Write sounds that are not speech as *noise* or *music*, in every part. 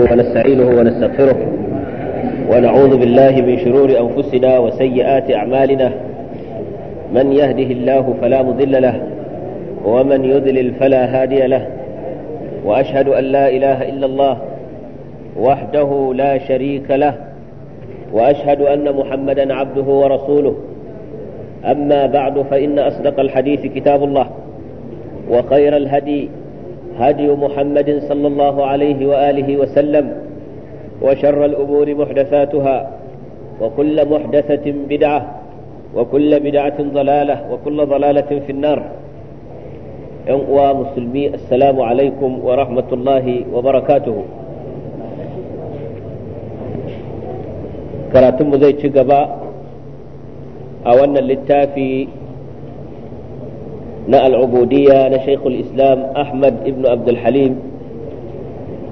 ونستعينه ونستغفره ونعوذ بالله من شرور أنفسنا وسيئات أعمالنا من يهده الله فلا مضل له ومن يذلل فلا هادي له وأشهد أن لا إله إلا الله وحده لا شريك له وأشهد أن محمدا عبده ورسوله أما بعد فإن أصدق الحديث كتاب الله وخير الهدي هدي محمد صلى الله عليه وآله وسلم وشر الأمور محدثاتها وكل محدثة بدعة وكل بدعة ضلالة وكل ضلالة في النار مسلمي السلام عليكم ورحمة الله وبركاته كراتم زيت شقباء اولا للتافي na al'ubudiyya na shaikhul islam ahmad ibn abdul halim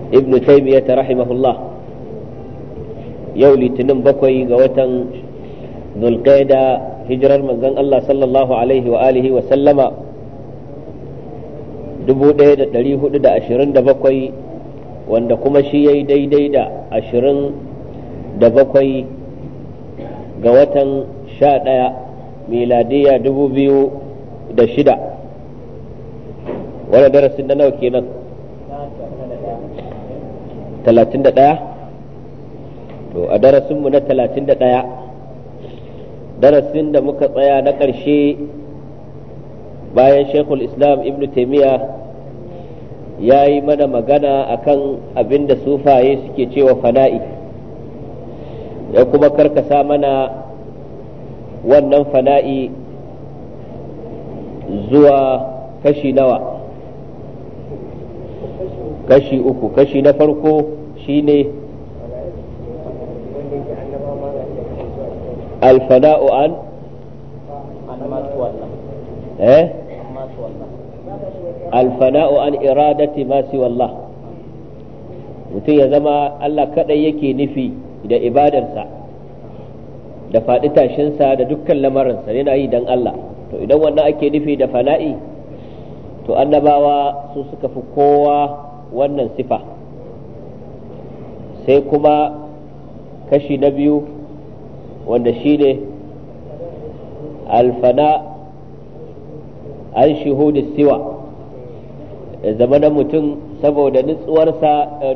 ibn taymiyyah rahimahullah yau litinin bakwai ga watan hijirar manzon Allah sallallahu alaihi wa alihi wa sallama 1427 wanda kuma shi yayi daidai da 27 ga watan 11 miladiya biyu. da shida wani darasin na nawa kenan talatin da ɗaya to a darasinmu na talatin da ɗaya darasin da muka tsaya na ƙarshe bayan shekul islam ibn taimiyya ya yi mana magana akan abin da sufaye suke cewa fana'i ya kuma karkasa mana wannan fana'i zuwa kashi nawa kashi uku kashi na farko shine alfana'u an eh alfana'u an iradati ma wallah mutum ya zama Allah kaɗai yake nufi da ibadarsa da faɗi tashinsa da dukkan lamarinsa yana yi don Allah to idan wannan ake nufi da fana'i to annabawa su suka fi kowa wannan sifa sai kuma kashi na biyu wanda shi ne alfana an da siwa zama na mutum saboda nitsewarsa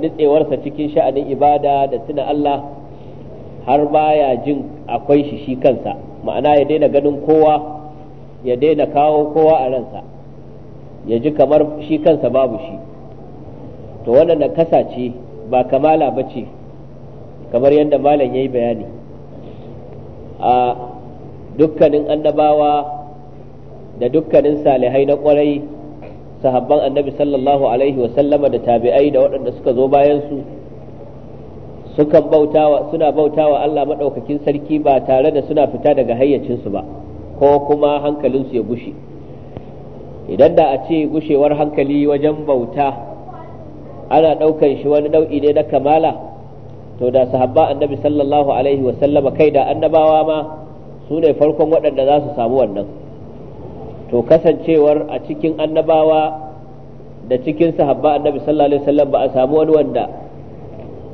eh, cikin sha'anin ibada da tuna Allah har baya jin akwai shi shi kansa ma'ana ya daina ganin kowa ya daina kawo kowa a ransa ya ji kamar shi kansa babu shi to wannan nakasa kasa ce ba kamala ba ce kamar yadda malam ya yi bayani a dukkanin annabawa da dukkanin salihai na kwarai sahabban annabi sallallahu alaihi wasallama da tabi'ai da waɗanda suka zo bayansu sukan bautawa suna bautawa Allah maɗaukakin sarki ba tare da suna fita daga hayyacinsu ba ko kuma hankalinsu ya gushe idan da a ce gushewar hankali wajen bauta ana ɗaukan shi wani nau'i ne na kamala to da sahabba annabi sallallahu alaihi wasallama kai da annabawa ma su ne farkon waɗanda za su samu wannan to kasancewar a cikin annabawa da cikin sahabba annabi sallallahu alaihi wasallam ba a samu wani wanda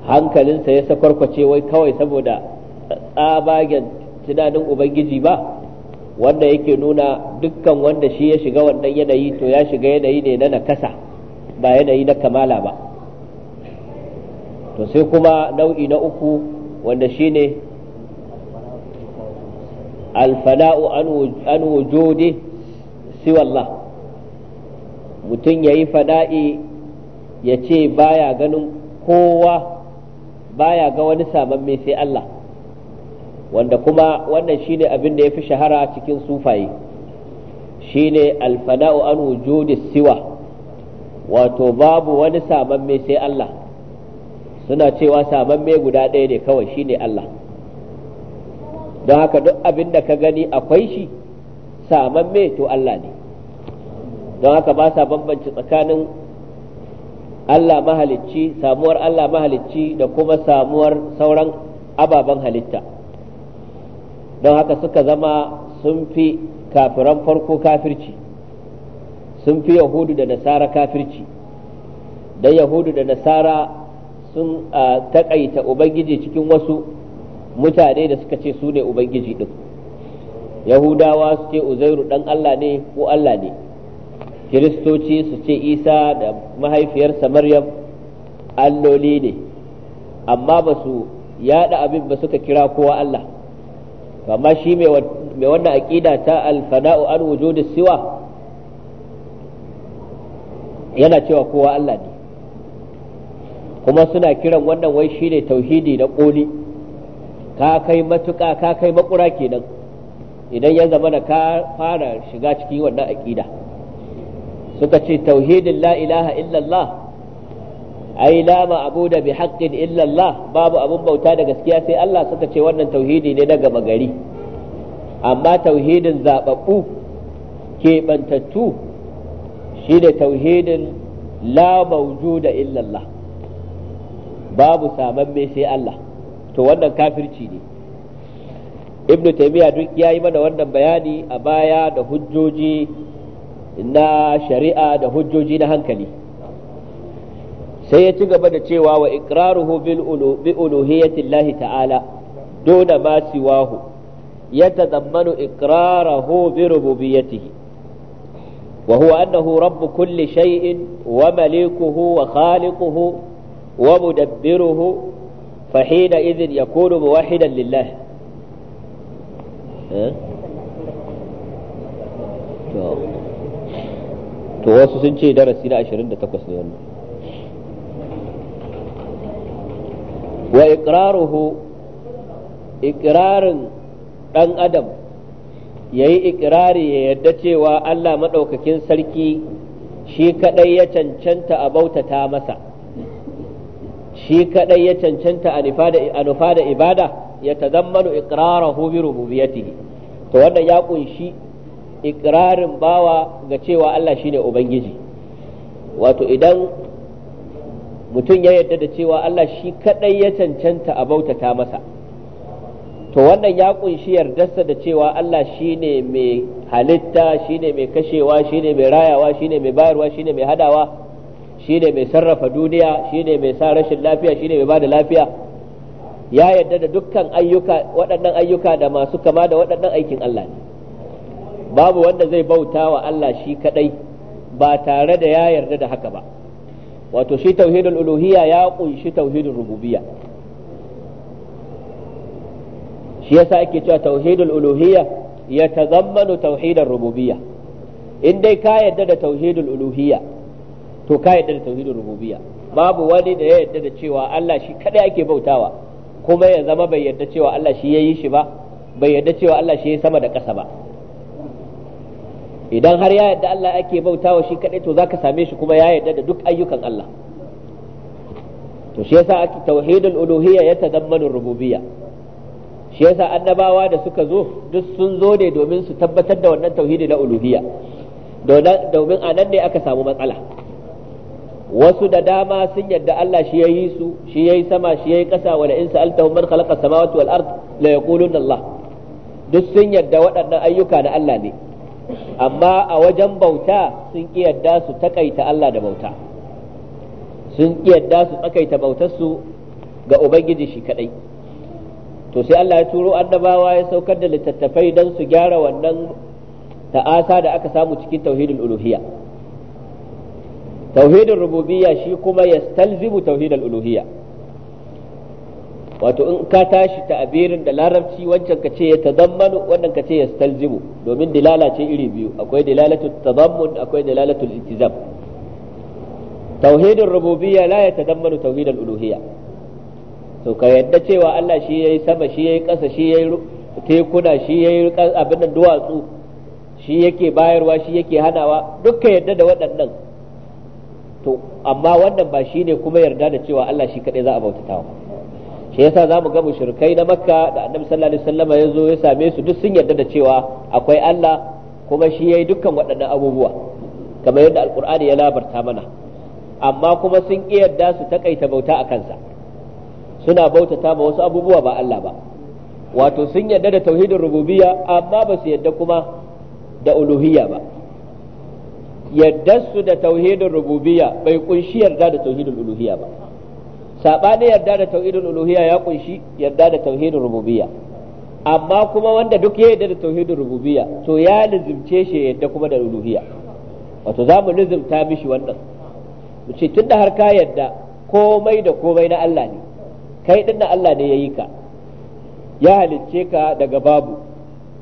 hankalinsa ya sakwarkwace wai kawai saboda tsabagen tunanin ubangiji ba wanda yake nuna dukkan wanda shi ya shiga wannan yanayi to ya shiga yanayi ne na nakasa ba yanayi na kamala ba to sai kuma nau'i na uku wanda shi ne alfana'u an wujudi siwallah mutum ya yi fada'i ya ce baya ganin kowa baya ga wani mai sai Allah wanda kuma wannan shine abin da ya fi shahara cikin sufaye shine alfana'u an wujudi siwa wato babu wani samamme sai Allah suna cewa samamme guda ɗaya ne kawai shine Allah don haka duk abin da ka gani akwai shi samamme to Allah ne don haka ba sa bambanci tsakanin Allah mahalicci samuwar Allah mahalicci da kuma samuwar sauran ababen halitta don haka suka zama sun fi kafiran farko kafirci sun fi yahudu da nasara kafirci don yahudu da nasara sun taƙaita ubangiji cikin wasu mutane da suka ce su ne ubangiji ɗin yahudawa su ce uzairu ɗan allah ne ko allah ne kiristoci su ce isa da mahaifiyarsa maryam alloli ne amma ba su yada abin ba suka kira kowa allah amma shi mai wannan aƙida ta alfana'u an wujudis siwa yana cewa kowa Allah ne kuma suna kiran wannan wai shi ne tauhidi na ƙoli ka kai matuƙa ka kai makura kenan idan ya zama da ka fara shiga ciki wannan aƙida suka ce tauhidin la ilaha illallah ai la ma'buda bi haqqin illa Allah babu abun bauta da gaskiya sai Allah suka ce wannan tauhidi ne na gama gari amma tauhidin zababbu keɓantattu shi da tauhidin la mawjuda illa Allah babu samamme sai Allah to wannan kafirci ne ibnu taymiya duk ya yi mana wannan bayani a baya da hujjoji na shari'a da hujjoji na hankali sai ya ci gaba da cewa wa iqraruhu bil uluhiyyati Allah ta'ala dona ma siwahu yatadammanu iqrarahu bi rububiyyatihi wa huwa annahu rabb kulli shay'in wa malikuhu wa khaliquhu wa mudabbiruhu fa hina idhin yakunu muwahhidan lillah eh? to wasu sun ce darasi na 28 ne wannan wa iqraruhu iqrarin dan adam yayi iqrari ya yadda cewa Allah maɗaukakin sarki shi kadai ya cancanta a bautata masa shi kadai ya cancanta a nufa da ibada ya tazammanu iqrarahu bi rububiyyatihi to wannan ya ƙunshi iqrarin bawa ga cewa Allah shine ubangiji wato idan mutum ya yarda da cewa Allah shi kaɗai ya cancanta a bautata masa to wannan ya kunshi yardarsa da cewa Allah shi ne mai halitta shi ne mai kashewa shi ne mai rayawa shi ne mai bayarwa shi ne mai hadawa ne mai sarrafa duniya shi ne mai sa rashin lafiya shi ne mai bada lafiya ya yarda da dukkan ayyuka waɗannan ayyuka da masu kama da waɗannan aikin Allah ne babu wanda zai bauta wa Allah shi kaɗai ba tare da ya yarda da haka ba wato shi tauhidul uluhiyya ya kunshi tauhidul rububiyya shi yasa ake cewa tauhidul uluhiyya ya tazammanu tauhidar rububiyya in dai ka yadda da tauhidul uluhiyya to ka yadda da tauhidul rububiyya babu wani da ya yadda da cewa Allah shi kadai ake bautawa kuma ya zama bai yadda cewa Allah shi yayi shi ba bai yadda cewa Allah shi ya sama da ƙasa ba idan har ya yadda Allah ake bauta wa shi kadai to zaka same shi kuma ya yadda da duk ayyukan Allah to shi yasa ake tauhidul uluhiyya ya tadammanu rububiyya shi yasa annabawa da suka zo duk sun zo ne domin su tabbatar da wannan tauhidi na uluhiyya domin a nan ne aka samu matsala wasu da dama sun yadda Allah shi yayi su shi yayi sama shi yayi kasa wala in sa'altahum man khalaqa samawati wal ard la yaquluna Allah duk sun yadda waɗannan ayyuka na Allah ne amma a wajen bauta sun ƙi yadda su takaita Allah da bauta sun ƙi yadda su takaita bautarsu ga ubangiji shi kadai to sai Allah ya turo annabawa ya saukar da littattafai don su gyara wannan ta'asa da aka samu cikin tauhidul uluhiyya tauhidul rububiyya shi kuma ya yastalzimu tauhidul uluhiyya wato in ka tashi ta'abirin da larabci wancan ka ce ya tazammanu wannan ka ce ya stalzimu domin dilala ce iri biyu akwai dilalatu tazammun akwai dilalatu iltizam tauhidin rububiyya la ya tazammanu tauhidul uluhiyya to ka yadda cewa Allah shi yayi sama shi yayi ƙasa shi yayi tekuna shi yayi abin da duwatsu shi yake bayarwa shi yake hanawa dukka yadda da waɗannan to amma wannan ba shine kuma yarda da cewa Allah shi kadai za a bautatawa shi yasa zamu ga mushrikai na makka da annabi sallallahu alaihi wasallam ya zo ya same su duk sun yarda da cewa akwai Allah kuma shi yayi dukkan waɗannan abubuwa kamar yadda alqur'ani ya labarta mana amma kuma sun ki yarda su takaita bauta a kansa suna bautata ma wasu abubuwa ba Allah ba wato sun yarda da tauhidin rububiyya amma ba su yarda kuma da uluhiyya ba yardarsu da tauhidin rububiyya bai kunshi yarda da tauhidin uluhiyya ba sabanin yarda da tauhidul uluhiyya ya kunshi yarda da tauhidul rububiyya amma kuma wanda duk ya yarda da tauhidul rububiyya to ya lizimce shi yarda kuma da uluhiyya wato za mu lizimta mishi wannan mu ce tunda har ka yarda komai da komai na Allah ne kai din na Allah ne yayi ka ya halicce ka daga babu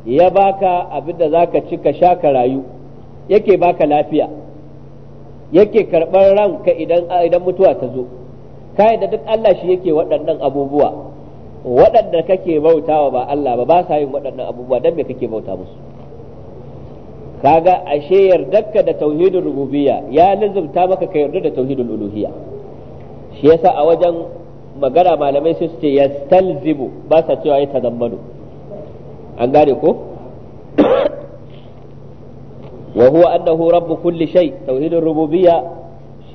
ya baka abin da zaka ci ka sha ka rayu yake baka lafiya yake karɓar ranka idan idan mutuwa ta zo ka yadda duk Allah shi yake waɗannan abubuwa waɗanda kake bautawa ba Allah ba ba sa yin waɗannan abubuwa dan me kake bauta musu Ka ga ashe yardarka da tauhidin rububiyya ya lizumta maka ka yarda da tauhidin uluhiyya shi yasa a wajen magana malamai sai su ce yastalzimu ba sa cewa ya tazammanu an gane ko wa huwa annahu rabbu kulli shay tauhidin rububiyya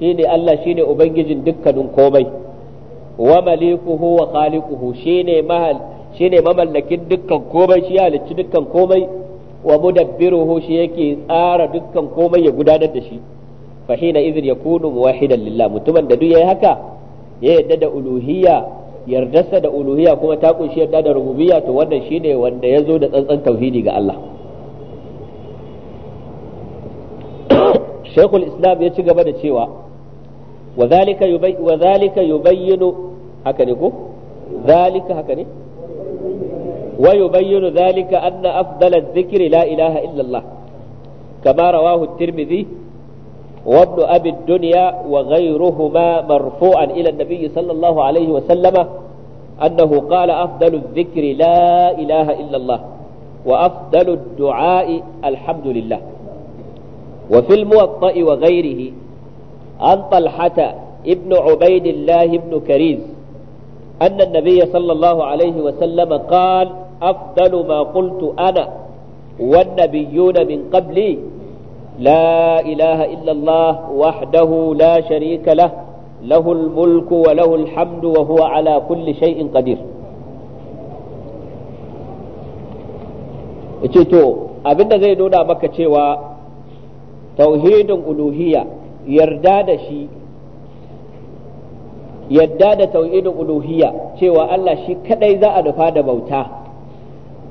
ne Allah shi ne ubangijin dukkanin komai wa malikuhu wa khaliquhu shine mahal ne mamallakin dukkan komai shi halicci dukkan komai wa mudabbiruhu shi yake tsara dukkan komai ya gudanar da shi fa hina idhin yakunu wahidan lillah mutumin da duk yayi haka ya yarda da uluhiyya yardarsa da uluhiyya kuma ta kunshi yarda da rububiyya to wannan shine wanda ya zo da tsantsan tauhidi ga Allah *coughs* Shaykhul Islam ya ci gaba da cewa wa zalika yubayyin wa zalika yubayyinu ana ne ko zalika haka ne wa yubayyinu zalika anna afdala dhikri la ilaha illa Allah kama rawahu at-Tirmidhi wa wa ghayruhuma marfu'an sallallahu wa sallama أنه قال أفضل الذكر لا إله إلا الله وأفضل الدعاء الحمد لله وفي الموطأ وغيره عن طلحة ابن عبيد الله بن كريز أن النبي صلى الله عليه وسلم قال أفضل ما قلت أنا والنبيون من قبلي لا إله إلا الله وحده لا شريك له له الملك وله الحمد وهو على كل شيء قدير ce to abinda zai nuna maka cewa tauhidin uluhiyya yarda da shi yadda da tauhidin uluhiyya cewa Allah shi kadai za a nufa da bauta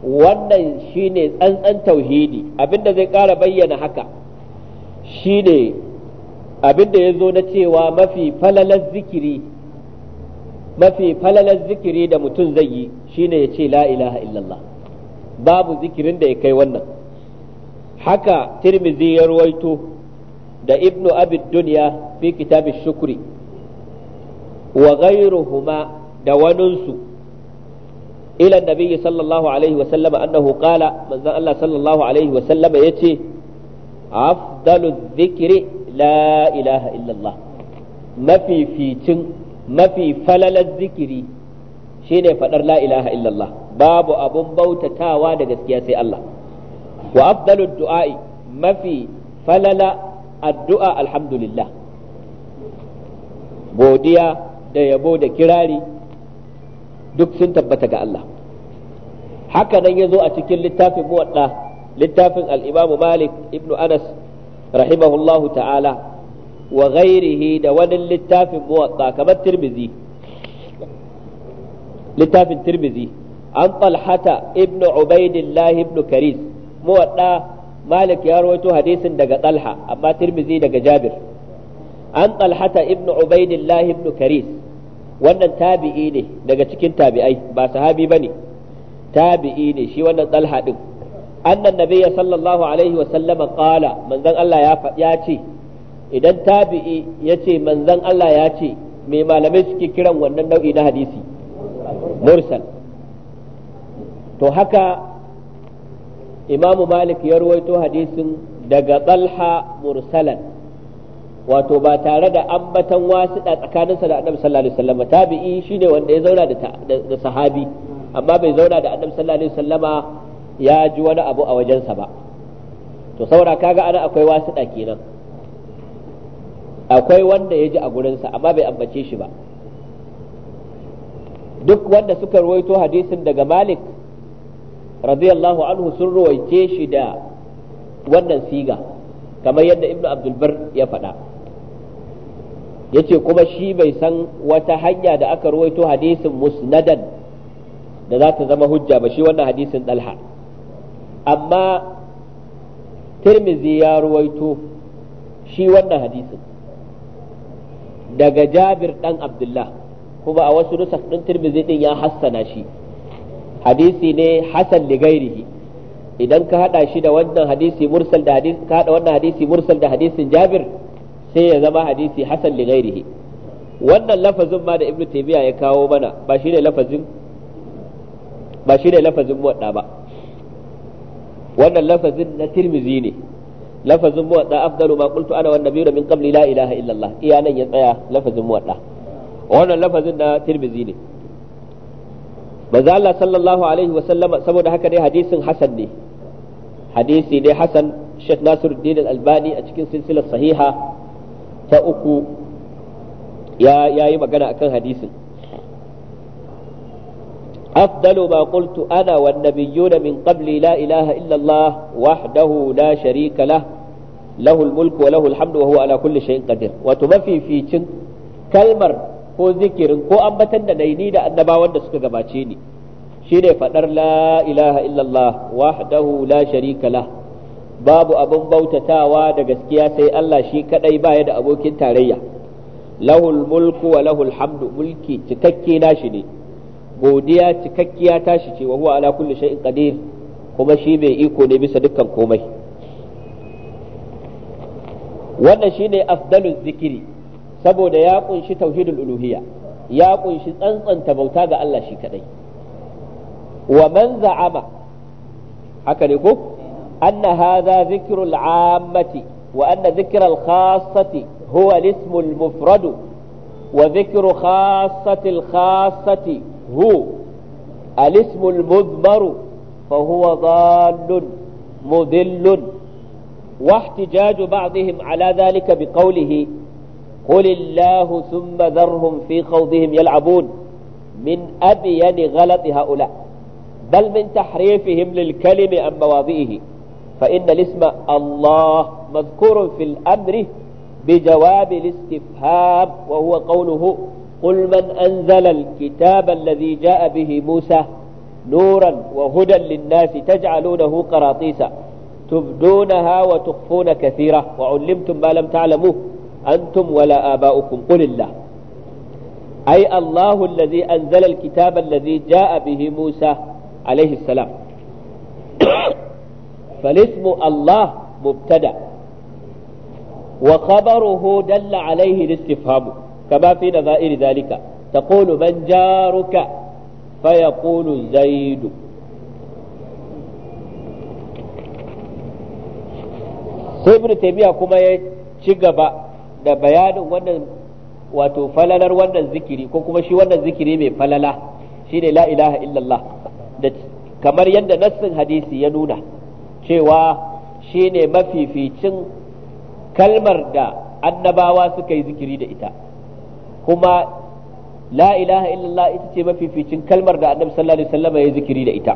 wannan shine tsantsan tauhidi abinda zai kara bayyana haka shine abinda ya zo na cewa mafi falalar zikiri mafi falalar zikiri da mutum zai yi shine ya ce la ilaha illallah babu zikirin da ya kai wannan haka tirmizi ya ruwaito da ibnu Abid Duniya fi kitab shukri wa ghayruhuma da waninsu ila nabi sallallahu alaihi wa sallama annahu qala manzo Allah sallallahu alaihi wa sallama yace afdalu dhikri la ilaha illallah. mafi ficin mafi falalar zikiri shine fadar la ilaha illallah. babu abun bautatawa da gaskiya sai Allah wa afdalu du'a mafi falala addu'a alhamdulillah godiya da yabo da kirari duk sun tabbata ga Allah haka nan ya zo a cikin littafin muwadda littafin al'imamu malik ibn anas rahimahullahu ta'ala wa ghairihi da wani littafin muwadda kamar tirmizi littafin tirmizi an talhata ibn ubaidillahi ibn karis muwadda malik ya rawaito hadisin daga talha amma tirmizi daga jabir an talhata ibnu ubaidillah ibnu karis wannan tabi'i ne daga cikin tabi'ai ba sahabi bane tabi'i ne shi wannan talha din annan nabiyya sallallahu alaihi wa sallama qala manzon Allah ya ce idan tabi'i yace manzon Allah ya ce me malamai suke kiran wannan nau'i na hadisi mursal to haka imamu malik ya ruwaito hadisin daga talha mursalan wato ba tare da ambatan wasiɗa tsakaninsa da annabi sallallahu alaihi wasallam tabi'i shine wanda ya zauna da sahabi amma bai zauna da annabi sallallahu alaihi wasallama ya ji wani abu a wajensa ba to saura kaga ana akwai wasiɗa kenan akwai wanda ya ji a gurinsa amma bai ambace shi ba duk wanda suka ruwaito hadisin daga malik radiyallahu anhu sun ruwaice shi da wannan siga kamar yadda ibnu abdul bar ya faɗa yace kuma shi bai san wata hanya da aka ruwaito hadisin musnadan da za ta zama hujja ba shi wannan hadisin dalha amma tirmizi ya ruwaito shi wannan hadisin daga jabir dan abdullah kuma a wasu nusak din tirmizi din ya hassana shi hadisi ne hasan li gairihi idan ka hada shi da wannan hadisi mursal da hadisi ka hada wannan hadisi mursal da hadisin Jabir sai ya zama hadisi hasan li gairihi wannan lafazin ma da Ibn Taymiyyah ya kawo mana ba shine lafazin ba shine lafazin muwadda ba wannan lafazin na Tirmidhi ne lafazin muwadda afdalu ma qultu ana wan nabiyyu min qabli la ilaha illallah iya nan ya tsaya lafazin muwadda wannan lafazin na Tirmidhi ne manzo Allah sallallahu alaihi wasallam saboda haka dai hadisin hasan ne hadisi dai hasan Sheikh Nasiruddin Al-Albani a cikin silsilar sahiha ta uku ya yayi magana akan hadisin أفضل ما قلت أنا والنبيون من قبلي لا إله إلا الله وحده لا شريك له له الملك وله الحمد وهو على كل شيء قدير وتمفي في كلمة ko zikirin ko ambatan da nayi ni da annabawan da suka gabace ni shine fadar la ilaha illallah wahdahu la sharika lah babu abin bautatawa da gaskiya sai Allah shi kadai baya da abokin tarayya lahul mulku wa lahul hamdu mulki cikakke nashi ne godiya cikakkiya tashi ce wa huwa ala kulli shay'in qadir kuma shi mai iko ne bisa dukkan komai wannan shine afdaluz zikiri saboda ya kunshi tauhidul uluhiyya ya kunshi tsantsanta bauta ga Allah shi kadai wa man za'ama haka ne ko anna hadha dhikrul ammati wa anna dhikral khassati huwa ismul mufradu wa dhikru khassatil khassati hu al-ismul mudmaru fa huwa dhallun mudillun واحتجاج بعضهم على ذلك بقوله قل الله ثم ذرهم في خوضهم يلعبون من أبين غلط هؤلاء بل من تحريفهم للكلم عن مواضعه فإن الاسم الله مذكور في الأمر بجواب الاستفهام وهو قوله قل من أنزل الكتاب الذي جاء به موسى نورا وهدى للناس تجعلونه قراطيسا تبدونها وتخفون كثيرا وعلمتم ما لم تعلموه antum wala aba'ukum qulillah ai Allahu allazi anzala alkitaba allazi ja'a bihi Musa alaihi salam فالاسم الله مبتدا وخبره دل عليه الاستفهام كما في نظائر ذلك تقول من جارك فيقول زيد sai ibn taymiya kuma ya ci gaba da bayanin wannan wato falalar wannan zikiri ko kuma shi wannan zikiri mai falala ne la ilaha illallah da kamar yadda nassin hadisi ya nuna cewa shi ne mafificin kalmar da annabawa suka yi zikiri da ita kuma la ilaha illallah ita ce mafificin kalmar da annabi sallallahu alaihi wasallam ya zikiri da ita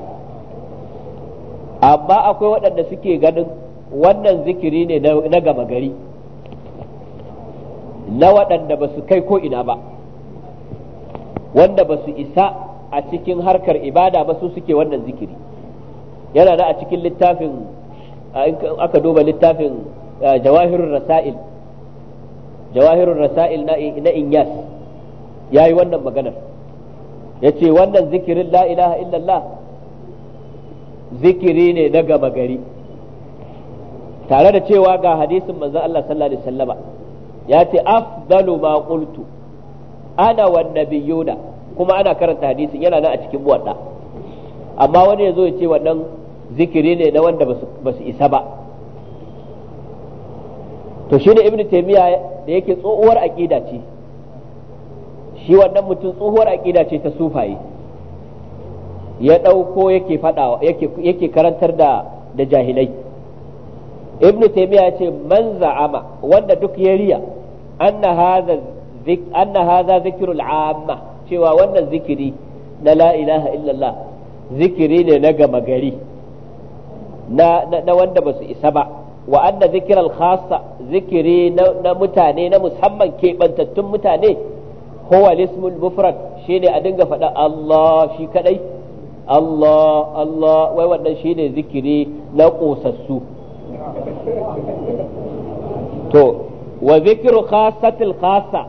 amma akwai waɗanda suke ganin wannan zikiri ne na gama gari na waɗanda ba su kai ko ina ba wanda ba su isa a cikin harkar ibada ba su suke wannan zikiri yana da a cikin littafin aka duba littafin eh, jawahirun rasa'il jawahirun rasa'il na inyas ya yi wannan maganar ya ce wannan zikirin la ilaha illallah zikiri ne na gama gari tare da cewa ga hadisin manzon Allah sallallahu alaihi wasallama ya ce afdalu ma qultu ana wan nabiyuna kuma ana karanta hadisin yana nan a cikin buwadda amma wani yazo ya ce wannan zikiri ne na wanda basu isa ba to shine ibnu taymiya da yake tsohuwar aqida ce shi wannan mutum tsohuwar aƙida ce ta sufaye ya ɗauko yake yake karantar da da jahilai ibn taymiya ya ce man za'ama duk ya riya anna hadha zik anna cewa wannan zikiri na la ilaha illallah zikiri ne na gama gari na wanda basu isa ba wa anna zikral khassa zikiri na mutane na musamman keɓantattun mutane huwa lismul mufrad shine a dinga faɗa Allah shi kadai Allah Allah wai wannan shine zikiri na ƙosassu to wa zikiru khasatil khasa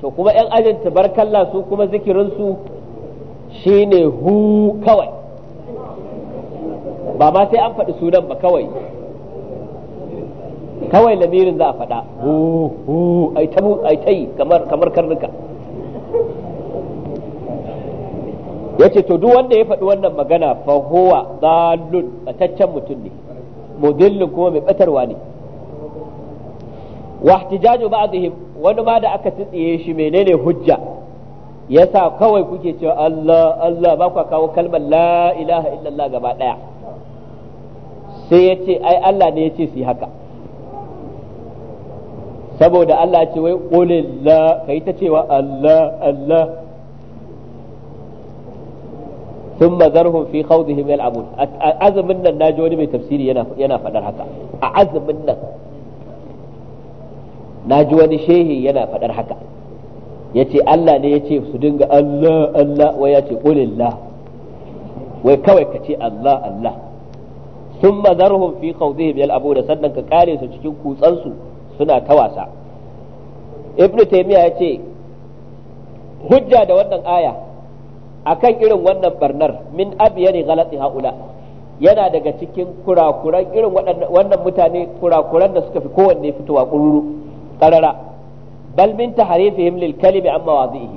to kuma yan ajin tabarkalla su kuma zikirin su shine hu kawai ba ma sai an faɗi sunan ba kawai kawai lamirin za a faɗa hu hu ai ta ai kamar kamar karnuka yace to duk wanda ya faɗi wannan magana fa huwa dalun mutum ne mudillu kuma mai batarwa ne wahtijaju ba'dihim wani ma da aka tsitsiye shi menene hujja yasa kawai kuke cewa Allah Allah ba ku kawo kalmar la ilaha illallah gaba daya sai ya ce ai Allah ne ya ce su yi haka saboda Allah ce wai qulil la kai ta cewa Allah Allah thumma zarhum fi khawdihim yal'abun azumin nan naji wani mai tafsiri yana yana fadar haka a azumin nan naji wani shehi yana fadar haka yace Allah ne yace su dinga Allah Allah wai yace qulillah wai kawai kace Allah Allah thumma zarhum fi khawdihim yal'abun sannan ka kare su cikin kutsansu suna ta wasa ibnu taymiya yace hujja da wannan aya akan irin wannan barnar min abiyani galati haula yana daga cikin kurakuran irin wannan mutane kurakuran da suka fi kowanne fitowa kururu karara bal min taharifihim lil kalimi amma wazihi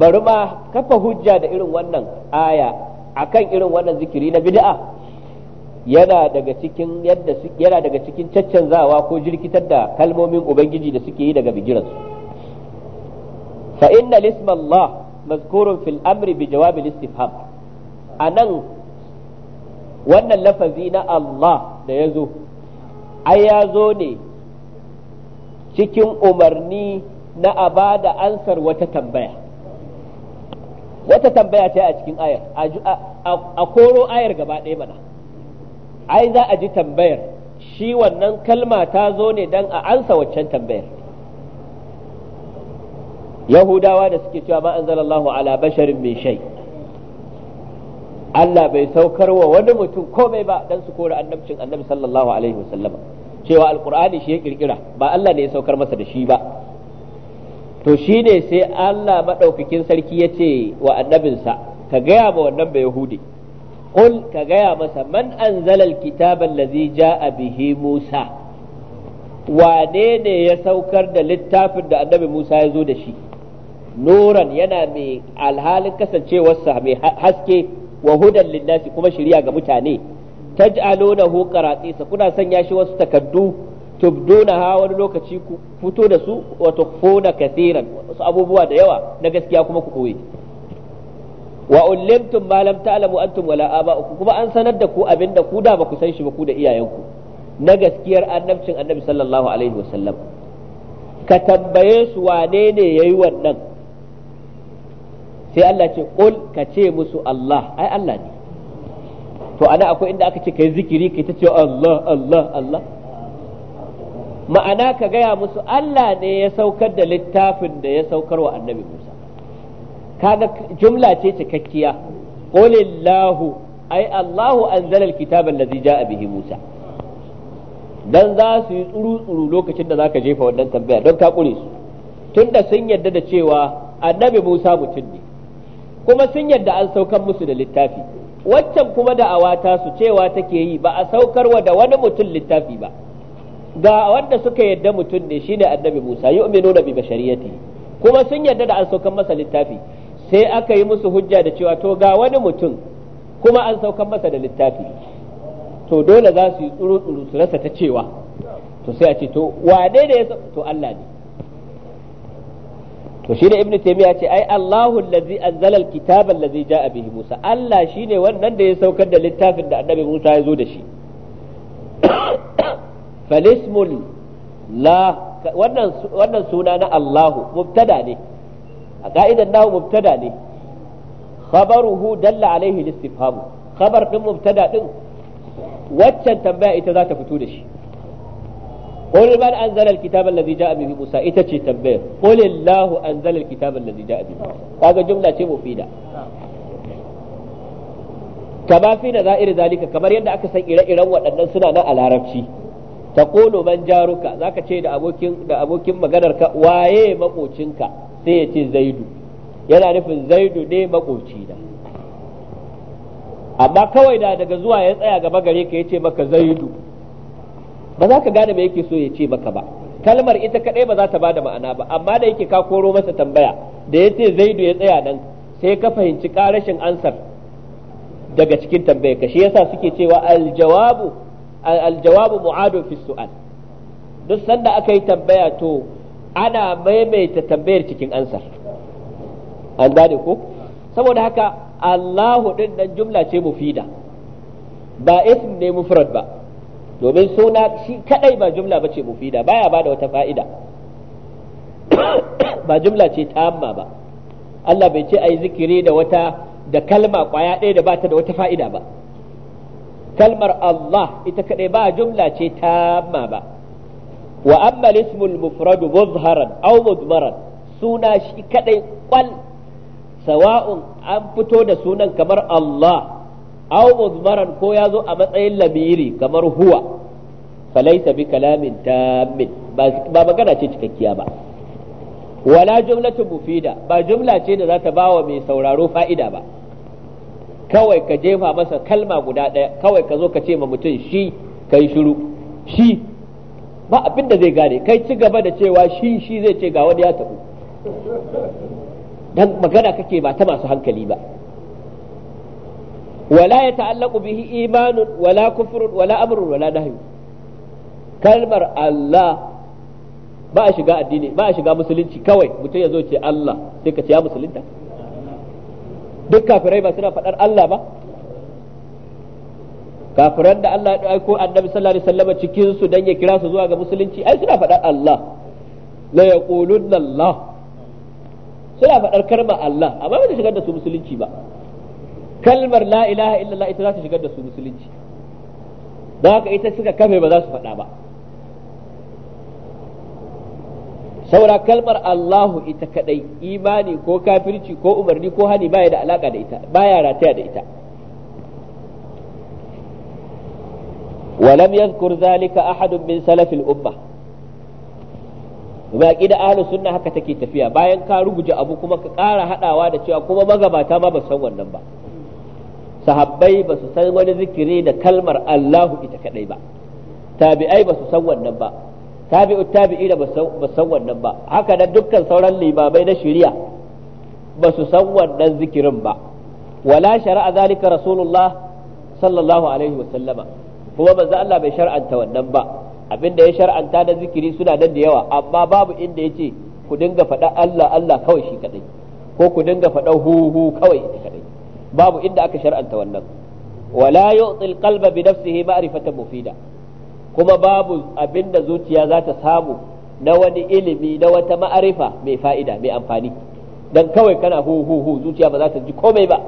bari ma kafa hujja da irin wannan aya akan irin wannan zikiri na bid'a yana daga cikin yadda yana daga cikin caccanzawa ko jirkitar da kalmomin ubangiji da suke yi daga bigiransu fa inna lismallah mazkurun fil amri bi jawabil istifham anan wannan lafazi na Allah da ya zo ai ya zo ne cikin umarni na a ba da ansar wata tambaya wata tambaya ce a cikin ayar a koro ayar gaba ɗaya mana ai za a ji tambayar shi wannan kalma ta zo ne don a ansa waccan tambayar yahudawa da suke cewa ma Allahu ala basharin min shay Allah bai saukar wa wani mutum komai ba dan su kore annabcin annabi sallallahu alaihi wasallama cewa alqur'ani shi ya kirkira ba Allah ne ya saukar masa da shi ba to shi ne sai Allah madaukakin sarki ya ce wa annabinsa ka gaya ma wannan bai yahudi qul ka gaya masa man anzala alkitaba allazi ja'a bihi musa Wanene ne ya saukar da littafin da annabi musa ya zo da shi nuran yana mai alhalin kasancewarsa mai haske wa hudan linnasi kuma shiriya ga mutane taj'alunahu sa kuna sanya shi wasu takaddu ha wani lokaci ku fito da su wa tukhfuna kaseeran wasu abubuwa da yawa na gaskiya kuma ku koyi wa ullimtum ma lam ta'lamu antum wala aba'ukum kuma an sanar da ku abinda ku da ba ku san shi ba ku da iyayenku na gaskiyar annabcin annabi sallallahu alaihi wasallam ka tambaye su wane ne yayi wannan sai Allah ce qul ka ce musu Allah ai Allah ne to ana akwai inda aka ce kai zikiri kai ta ce Allah Allah Allah ma'ana ka gaya musu Allah ne ya saukar da littafin da ya saukar wa annabi Musa kaga jumla ce cikakkiya qulillahu ai Allahu anzala alkitaba allazi jaa bihi Musa dan za su yi tsuru tsuru lokacin da zaka jefa wannan tambaya don ka kure su tunda sun yarda da cewa annabi Musa mutum ne kuma sun yadda an saukar musu da littafi waccan kuma da'awa ta su cewa take yi ba a saukar wa da wani mutum littafi ba ga wanda suka yadda mutum ne shine annabi Musa yu'minuna da bashariyati kuma sun yadda da an saukar masa littafi sai aka yi musu hujja da cewa to ga wani mutum kuma an saukar masa da littafi to dole za su yi tsuru tsuru su rasa ta cewa to sai a ce to wane ne ya to Allah ne to shine ibnu taymiya ce ai Allahu allazi anzala alkitaba allazi jaa bihi Musa Allah shine wannan da ya saukar da littafin da annabi Musa ya zo da shi *coughs* falismul la wannan wannan suna na Allahu mubtada ne a ka'idan nahu mubtada ne khabaruhu dalla alaihi listifhamu khabar din mubtada din waccan tambaya ita za ta fito da shi qul man anzala alkitaba allazi ja'a bihi musa ita ce tambayar qul illahu anzala alkitaba allazi ja'a bihi kaga jumla ce mufida kama fi da za'ir zalika kamar yadda aka san ire-iren waɗannan suna nan a larabci taqulu man jaruka zaka ce da abokin da abokin maganarka waye makocinka sai ya ce zaidu yana nufin zaidu ne makoci makocina amma kawai da daga zuwa ya tsaya gaba gare ka yace maka zaidu ba za ka gane me yake so ya ce maka ba kalmar ita kadai ba za ta bada ma'ana ba amma da yake ka koro masa tambaya da ya ce zaidu ya tsaya nan sai ka fahimci karashin ansar daga cikin tambayar ka shi yasa suke cewa aljawabu aljawabu mu'adun fi su'al duk sanda aka yi tambaya to ana maimaita tambayar cikin ansar an gane ko saboda haka Allahu din nan jumla ce mufida ba ism ne mufrad ba domin suna shi kadai ba jumla bace mufida baya bada wata fa'ida *coughs* ba jumla ce tamma ba Allah bai ce ai zikiri da wata da kalma kwaya ɗaya da bata da wata fa'ida ba kalmar Allah ita kadai ba jumla ce tamma ba wa amma ismul mufradu muzharan aw mudmaran suna shi kadai kwal sawa'un an fito da sunan kamar Allah aw mudmaran ko ya zo a matsayin lamiri kamar huwa falaita bi kalamin tammin ba magana ce cikakkiya ba wala jumlatu mufida ba jumla ce da za ta ba wa mai sauraro fa'ida ba kawai ka jefa masa kalma guda ɗaya kawai ka zo ka ce ma mutum shi kai shiru shi ba abin da zai gane kai ci gaba da cewa shi shi zai ce ga wani ya tafi dan magana kake ba ta masu hankali ba wala ya ta'allaqu bihi imanun wala kufrun wala amrun wala nahyu kalmar Allah ba a shiga addini ba a shiga musulunci kawai mutum ya zo ce Allah sai ka ya musulunta duk kafirai ba suna faɗar Allah ba kafiran da Allah ya aiko annabi sallallahu alaihi wasallam cikin dan ya kira su zuwa ga musulunci suna faɗar Allah la yaqulunna Allah suna faɗar kalmar Allah amma ba ta shigar da su musulunci ba kalmar la ilaha illallah ita za ta shigar da su musulunci don haka ita suka kafe ba za su faɗa ba saura kalmar Allahu ita kadai imani ko kafirci ko umarni ko hani baya da alaka da ita baya rataya da ita ولم يذكر ذلك أحد من سلف الأمة ba da ahlus sunna haka take tafiya bayan ka rubuta abu kuma ka ƙara haɗawa da cewa kuma magabata ma ba san wannan ba sahabbai ba su san wani zikiri da kalmar Allahu ita kadai ba tabi'ai ba su san wannan ba tabi'ut tabi'ina ba su san wannan ba haka da dukkan sauran limamai na shari'a ba su san wannan zikirin ba wala shari'a zalika rasulullah sallallahu alaihi wa sallama kuma manzo Allah bai shar'anta wannan ba abinda ya shar'anta da zikiri suna nan da yawa amma babu inda yace ku dinga faɗa Allah Allah kawai shi kadai ko ku dinga faɗa hu hu kawai ita babu inda aka shar'anta wannan wala yu'til qalba bi nafsihi ma'rifatan mufida kuma babu abinda zuciya za ta samu na wani ilimi na wata ma'arifa mai fa'ida mai amfani dan kawai kana hu hu hu zuciya ba za ta ji komai ba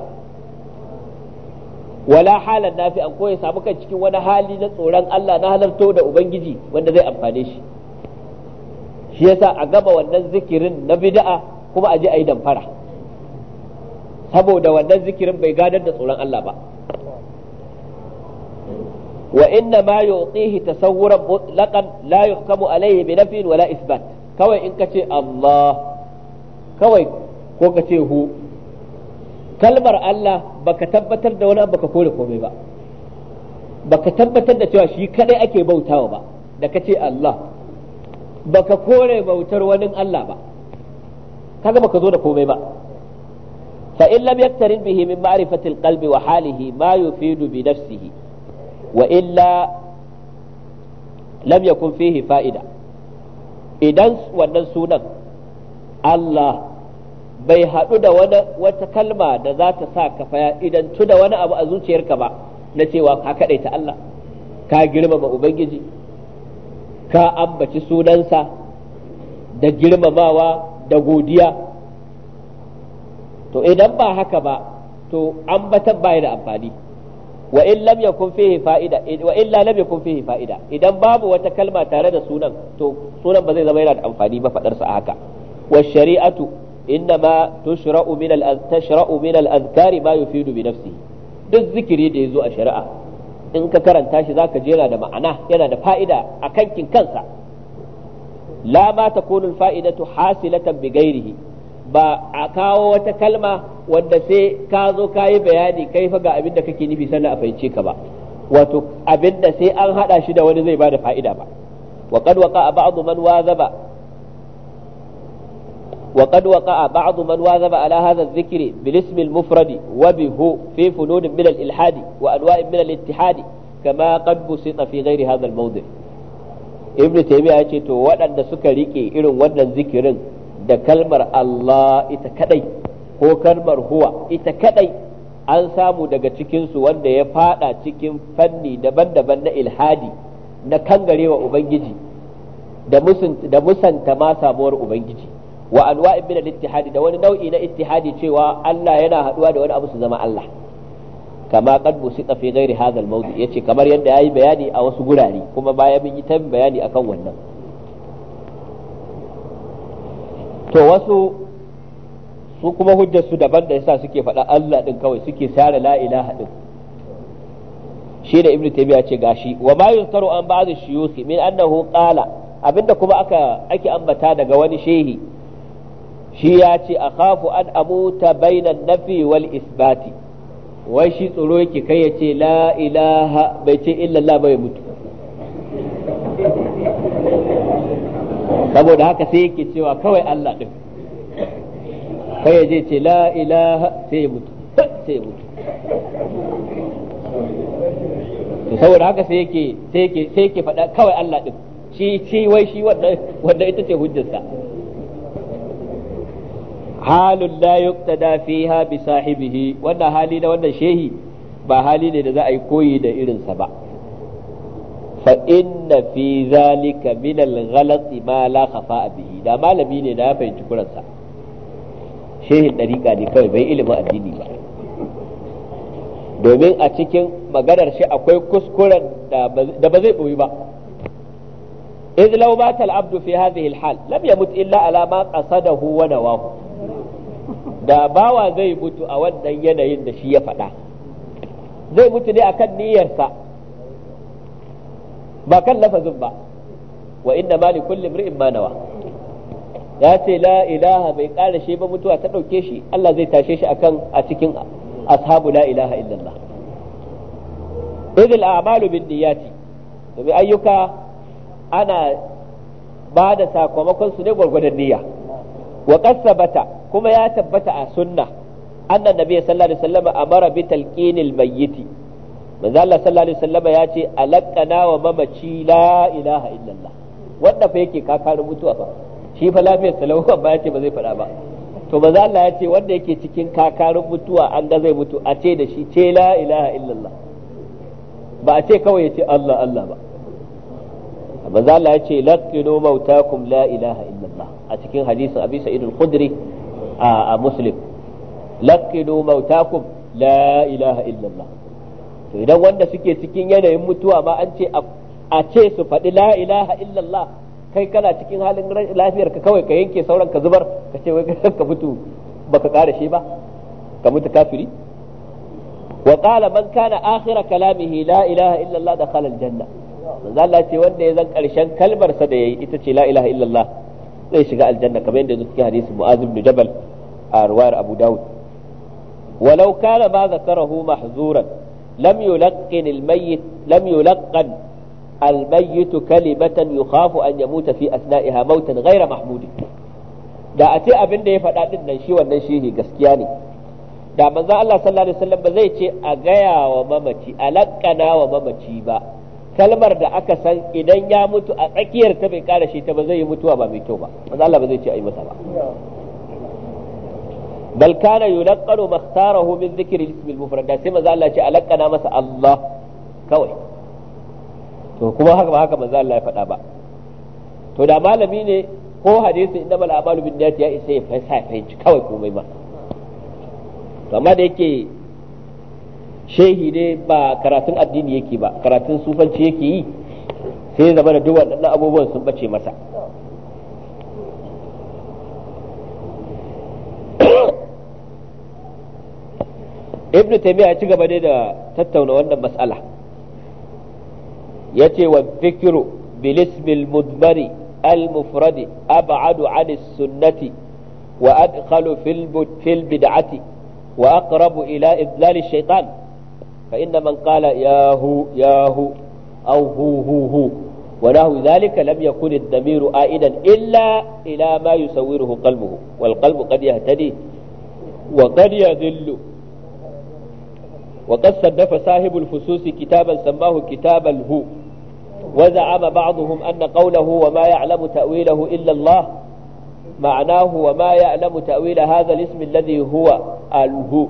wala halan nafi an koya samu kan cikin wani hali na tsoron Allah na halarto da ubangiji wanda zai amfane shi shi yasa a gaba wannan zikirin na bid'a kuma a je a yi damfara saboda wannan zikirin bai gadar da tsoron Allah ba wa inna ma yuqihi tasawwuran mutlaqan la yuhkamu alayhi bi nafin wala isbat kawai in kace Allah kawai ko kace hu kalmar Allah baka tabbatar da wani baka kore komai ba baka tabbatar da cewa shi kadai ake bautawa ba da kace Allah baka kore bautar wani Allah ba kaga baka zo da komai ba fa in lam yaktarin bihi min ma'rifati alqalbi wa halihi ma nafsihi wa illa lam yakun fihi fa'ida idan wannan sunan Allah bai haɗu da wata kalma da za ta sa ka faya idan tu da wani abu a zuciyarka ba na cewa ka kaɗaita Allah ka girmama Ubangiji ka ambaci sunansa da girmamawa da godiya to idan ba haka ba to ambatan baya da amfani wa in fa'ida wa illa lam yakun fihi fa'ida idan babu wata kalma tare da sunan to sunan ba zai zama yana da amfani ba fadar sa haka wa shari'atu innama tushra'u min al tashra'u min al azkari ma yufidu bi nafsi duk zikiri da yazo a shari'a in ka karanta shi zaka je yana da ma'ana yana da fa'ida a kankin kansa la ma takunu al fa'idatu hasilatan bi ghairihi ba a kawo wata kalma wadda sai ka zo ka yi bayani kai fa ga abin da kake nufi sannan a fahimce ka ba wato abin da sai an hada shi da wani zai ba da fa'ida ba wa qad waqa ba'd man wazaba wa qad waqa ba'd man wazaba ala hadha adh-dhikri bil ism al-mufrad wa bihu fi funun min al-ilhad wa anwa' min al-ittihad kama qad busita fi ghairi hadha al-mawdi' ibn taymiya yace to waɗanda suka rike irin wannan zikirin da kalmar Allah ita kadai ko kalmar huwa ita kadai an samu daga cikinsu wanda ya fada cikin fanni daban-daban na ilhadi na kangarewa ubangiji da musanta ma samuwar ubangiji wa anwa'in min al-ittihadi da wani nau'i na ittihadi cewa Allah yana haduwa da wani abu su zama Allah kama qad musita fi ghairi hadha al-mawdi yace kamar yadda yayi bayani a wasu gurare kuma baya mun yi ta bayani akan wannan to wasu su kuma hujjar su daban da yasa suke faɗa Allah din kawai suke sare la ilaha din shi da ibnu taymiya ce gashi wa ma yuntaru an ba'dhi shuyukh min annahu qala abinda kuma aka ake ambata daga wani shehi shi ya ce akhafu an amuta bainan nafi wal isbati wai shi tsoro yake kai ya ce la ilaha bai ce illallah bai mutu saboda haka sai yake cewa kawai Allah ɗin, kai ya je ce la ilaha sai ya mutu sai ya mutu to saboda haka sai yake sai yake sai yake faɗa kawai Allah ɗin, shi shi wai shi wanda wanda ita ce hujjarsa halul la yuqtada fiha bi sahibihi wanda hali da wannan shehi ba hali ne da za a yi koyi da irinsa ba fa inna fi zalika min al-ghalati ma la khafa bihi da malami ne da ya fahimci kuransa shehin dariƙa ne kawai bai ilimin addini ba domin a cikin maganar shi akwai kuskuren da ba zai ɓoyi ba إذ لو مات العبد في هذه الحال لم يمت إلا على ما قصده ونواه da bawa zai mutu a wannan yanayin da shi ya faɗa zai mutu ne akan niyyarsa ba kan lafazin ba wa inna ma likulli imri'in ma nawa ya ce la ilaha bai ƙara shi ba mutuwa ta ɗauke shi Allah zai tashe shi akan a cikin ashabu la ilaha illallah idil a'malu bin niyyati domin ayyuka ana ba da sakamakon su ne gwargwadon niyya wa qasabata kuma ya tabbata a sunna annan nabi sallallahu alaihi wasallam amara bi talqinil mayyiti manzo Allah sallallahu alaihi wasallama ya ce alaqana wa mamaci la ilaha illallah wanda fa yake kakarin mutuwa fa shi fa lafiyar salawa ba ya ce ba zai faɗa ba to manzo Allah ya ce wanda yake cikin kakarin mutuwa an ga zai mutu a ce da shi ce la ilaha illallah ba a ce kawai ya ce Allah Allah ba manzo Allah ya ce laqinu mautakum la ilaha illallah a cikin hadisin Abi Sa'id al-Khudri a Muslim laqinu mautakum la ilaha illallah to idan wanda suke cikin yanayin mutuwa ma an ce a ce su faɗi la ilaha illallah kai kana cikin halin lafiyar ka kawai ka yanke sauran ka zubar ka ce wai *laughs* ka mutu baka ƙara shi ba ka mutu kafiri wa qala man kana akhira kalamihi la ilaha illallah dakhala aljanna manzo Allah ce wanda ya zan karshen kalmar sa da yayi ita ce la ilaha illallah zai shiga aljanna kamar yadda cikin hadisi Mu'az ibn Jabal a riwayar Abu Dawud walau kana ma zakarahu mahzuran lam yulaqqin al-mayyit lam yulaqqan al-mayyit kalimatan yukhafu an yamuta fi asna'iha mautan da a ce abin da ya faɗa din nan shi wannan shehi gaskiya ne da manzo Allah sallallahu alaihi wasallam ba zai ce a gaya wa mamaci a alakkana wa mamaci ba kalmar da aka san idan ya mutu a tsakiyar ta bai kara shi ta ba zai yi mutuwa ba mai kyau ba manzo Allah ba zai ce a yi masa ba bal kana yulaqqanu makhtarahu min dhikri ismi al-mufrad sai manzo Allah ya ce alaqana masa Allah kawai to kuma haka ba haka manzo Allah ya fada ba to da malami ne ko hadisi inda bal amalu bin niyyati ya isa ya fasa fahimci kawai komai ba to amma da yake shehi ne ba karatun addini yake ba karatun sufanci yake yi sai zama da duk waɗannan abubuwan sun bace masa ibnu taymiya ya ci gaba dai da tattauna wannan mas'ala yace wa fikiru bil ismil mudmari al mufradi ab'adu 'an sunnati wa adkhalu fil bid'ati wa aqrabu ila idlal ash-shaytan fa inna man qala yahu yahu aw hu hu hu ونحو ذلك لم يكن الضمير عائدا إلا إلى ما يصوره قلبه والقلب قد يهتدي وقد يذل وقد صنف صاحب الفسوس كتابا سماه كتاب الهو وزعم بعضهم أن قوله وما يعلم تأويله إلا الله معناه وما يعلم تأويل هذا الاسم الذي هو الهو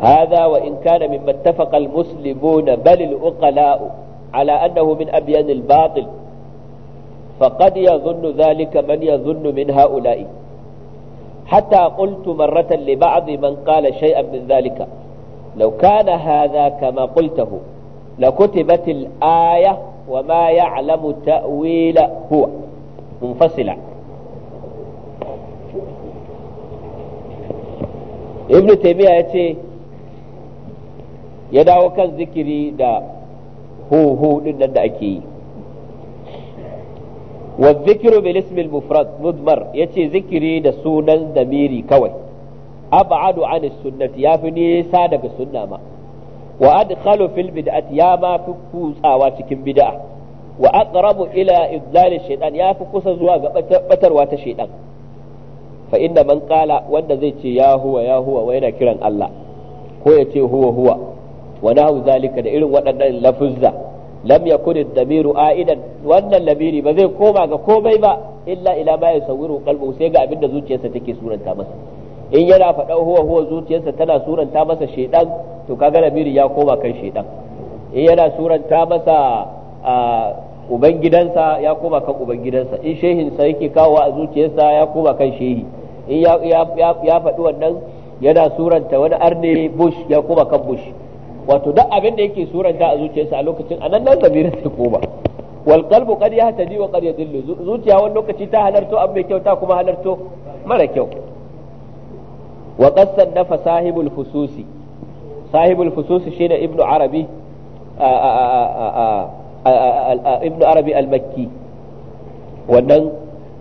هذا وإن كان مما اتفق المسلمون بل العقلاء على أنه من أبين الباطل فقد يظن ذلك من يظن من هؤلاء حتى قلت مرة لبعض من قال شيئا من ذلك لو كان هذا كما قلته لكتبت الآية وما يعلم تأويل هو منفصلا ابن تيمية يتي يدعو كان ذكري دا هو هو لنا دا wa dhikru bil ism al mufrad mudmar yace zikiri da sunan damiri kawai ab'adu an sunnati yafi nisa daga sunna ma wa adkhalu fil bid'ati ya ma fi kutsawa cikin bida'a wa aqrabu ila idlal shaytan ya fi kusa zuwa ga batarwa ta shaytan fa inda man wanda zai ce ya huwa wa yana kiran Allah ko ya ce huwa huwa wa nahu zalika da irin waɗannan lafuzza lam yakun ad-damiru aidan wannan lamiri ba zai koma ga komai ba illa ila ma yasawwiru qalbu sai ga abinda zuciyarsa take suranta masa in yana faɗa huwa huwa zuciyarsa tana suranta masa shedan to kaga lamiri ya koma kan shedan in yana suranta masa ubangidansa ya koma kan ubangidansa in shehin shehinsa yake kawo a zuciyarsa ya koma kan shehi in ya faɗi wannan yana suranta wani arne bush ya koma kan bush wato duk abin da yake suranta a zuciyarsa a lokacin a nan zamirin sai koma wal qalbu qad yahtaji wa qad yadillu zuciya wani lokaci ta halarto abu mai kyau ta kuma halarto mara kyau wa qad sannafa sahibul fususi sahibul fususi shine ibnu arabi ibnu arabi al-makki wannan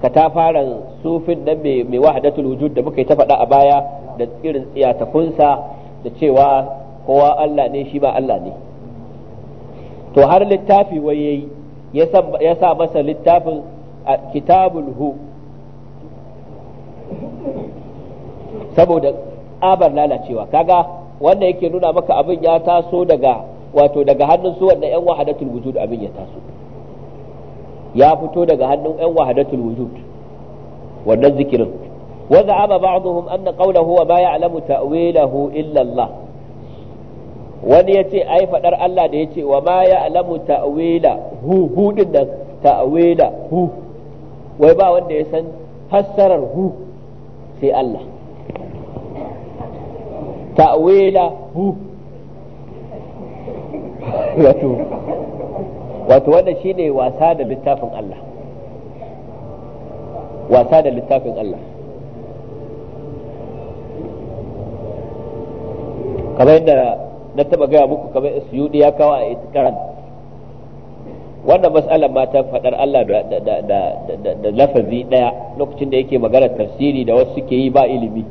katafaren sufin nan mai wahdatul wujud da muka yi ta faɗa a baya da irin tsiyatakunsa da cewa kowa Allah ne shi ba Allah ne to har littafi wai yayi ya sa masa littafin kitabul hu saboda abar lalacewa kaga wanda yake nuna maka abin ya taso daga wato daga hannun su wanda yan wahadatul wujud abin ya taso ya fito daga hannun yan wahadatul wujud wannan zikirin wa za'ama ba'dhum anna qawluhu wa ma ya'lamu ta'wilahu illa Allah wani ya ce ai faɗar Allah da ya ce wa ma ya alamu ta'wila hu hu din nan ta'wila hu wai ba wanda ya san fassarar hu sai Allah ta'wila hu wato wato wanda shine wasa da littafin Allah wasa da littafin Allah kamar yadda na taba gaya muku kamar suyudi ya kawo a itikaran wannan matsalar ma ta faɗar Allah da, da, lafazi ɗaya lokacin da yake maganar tafsiri da wasu suke yi ba ilimi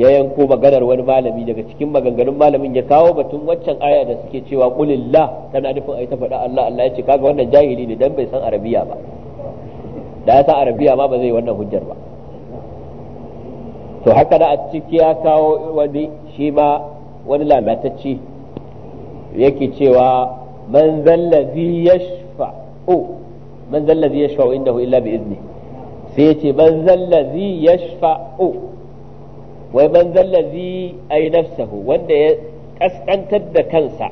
ya yanko maganar wani malami daga cikin maganganun malamin ya kawo batun waccan aya da suke cewa kulilla tana nufin yi ta faɗa Allah Allah ya ce kaga wannan jahili ne dan bai san arabiya ba da ya san arabiya ma ba zai wannan hujjar ba to haka da a ciki ya kawo wani shi ma wani lamatacce yake cewa man zallazi yashfa'u man zallazi yashfa'u indahu illa bi izni sai ce man zallazi yashfa'u wai man zallazi ay nafsahu wanda ya kaskantar da kansa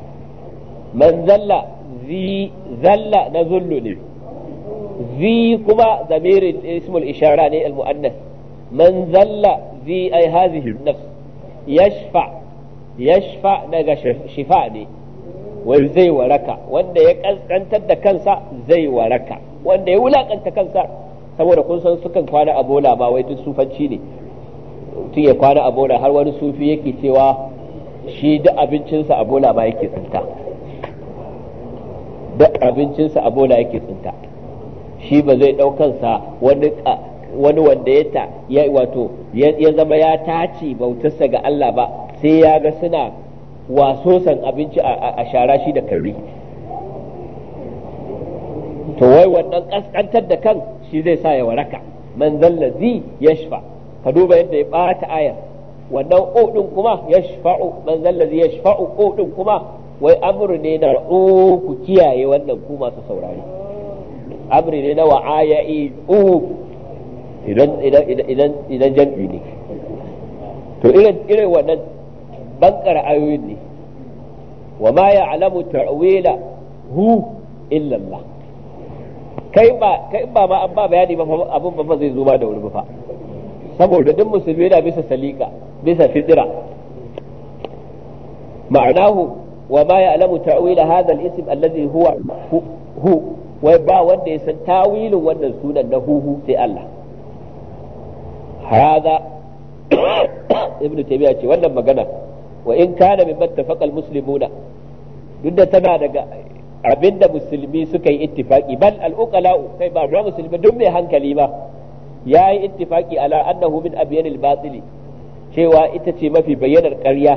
man zalla zi zalla na zullu ne zi kuma zamirin eh, ismul ishara ne al muannas man zalla zi ay hadhihi nafs yashfa' yashfa daga shifa ne wai zai waraka wanda ya kaskantar da kansa zai waraka wanda ya wulakanta kansa saboda kun san sukan kwana a bola ba wai duk sufanci ne tun ya kwana a bola har wani sufi yake cewa shi duk abincinsa a bola ba yake tsinta duk abincinsa a bola yake tsinta shi ba zai ɗaukansa wani wani wanda ya ta ya wato ya zama ya tace bautarsa ga Allah ba sai ya ga suna wasosan abinci a shara shi da kari to wai wannan kaskantar da kan shi zai sa ya waraka man zallazi yashfa ka duba yadda ya ɓata ayar wannan o din kuma yashfa'u man zallazi yashfa'u o din kuma wai amru ne na o ku kiyaye wannan ku masu saurari amri ne na wa'aya o idan idan idan idan jam'i ne to irin irin wannan bankar ayoyin ne wa ma ya'lamu ta'wila hu illa kai ba kai ba ma an ba bayani ba abin ba fa zai zo ba da wuri ba saboda duk musulmi yana bisa salika bisa fitira ma'anahu wa ma ya'lamu ta'wila hadha al-ism alladhi huwa hu wai ba wanda ya san tawilin wannan sunan na huhu sai Allah hadha *coughs* ibnu taymiya ce wannan magana wa in kana mimman tafaqal muslimuna duk da tana daga abinda musulmi suka yi ittifaki bal al-uqala kai ba ruwa musulmi duk mai hankali ba yayi ittifaki ala annahu min abyanil batili cewa ita ce mafi bayyanar ƙarya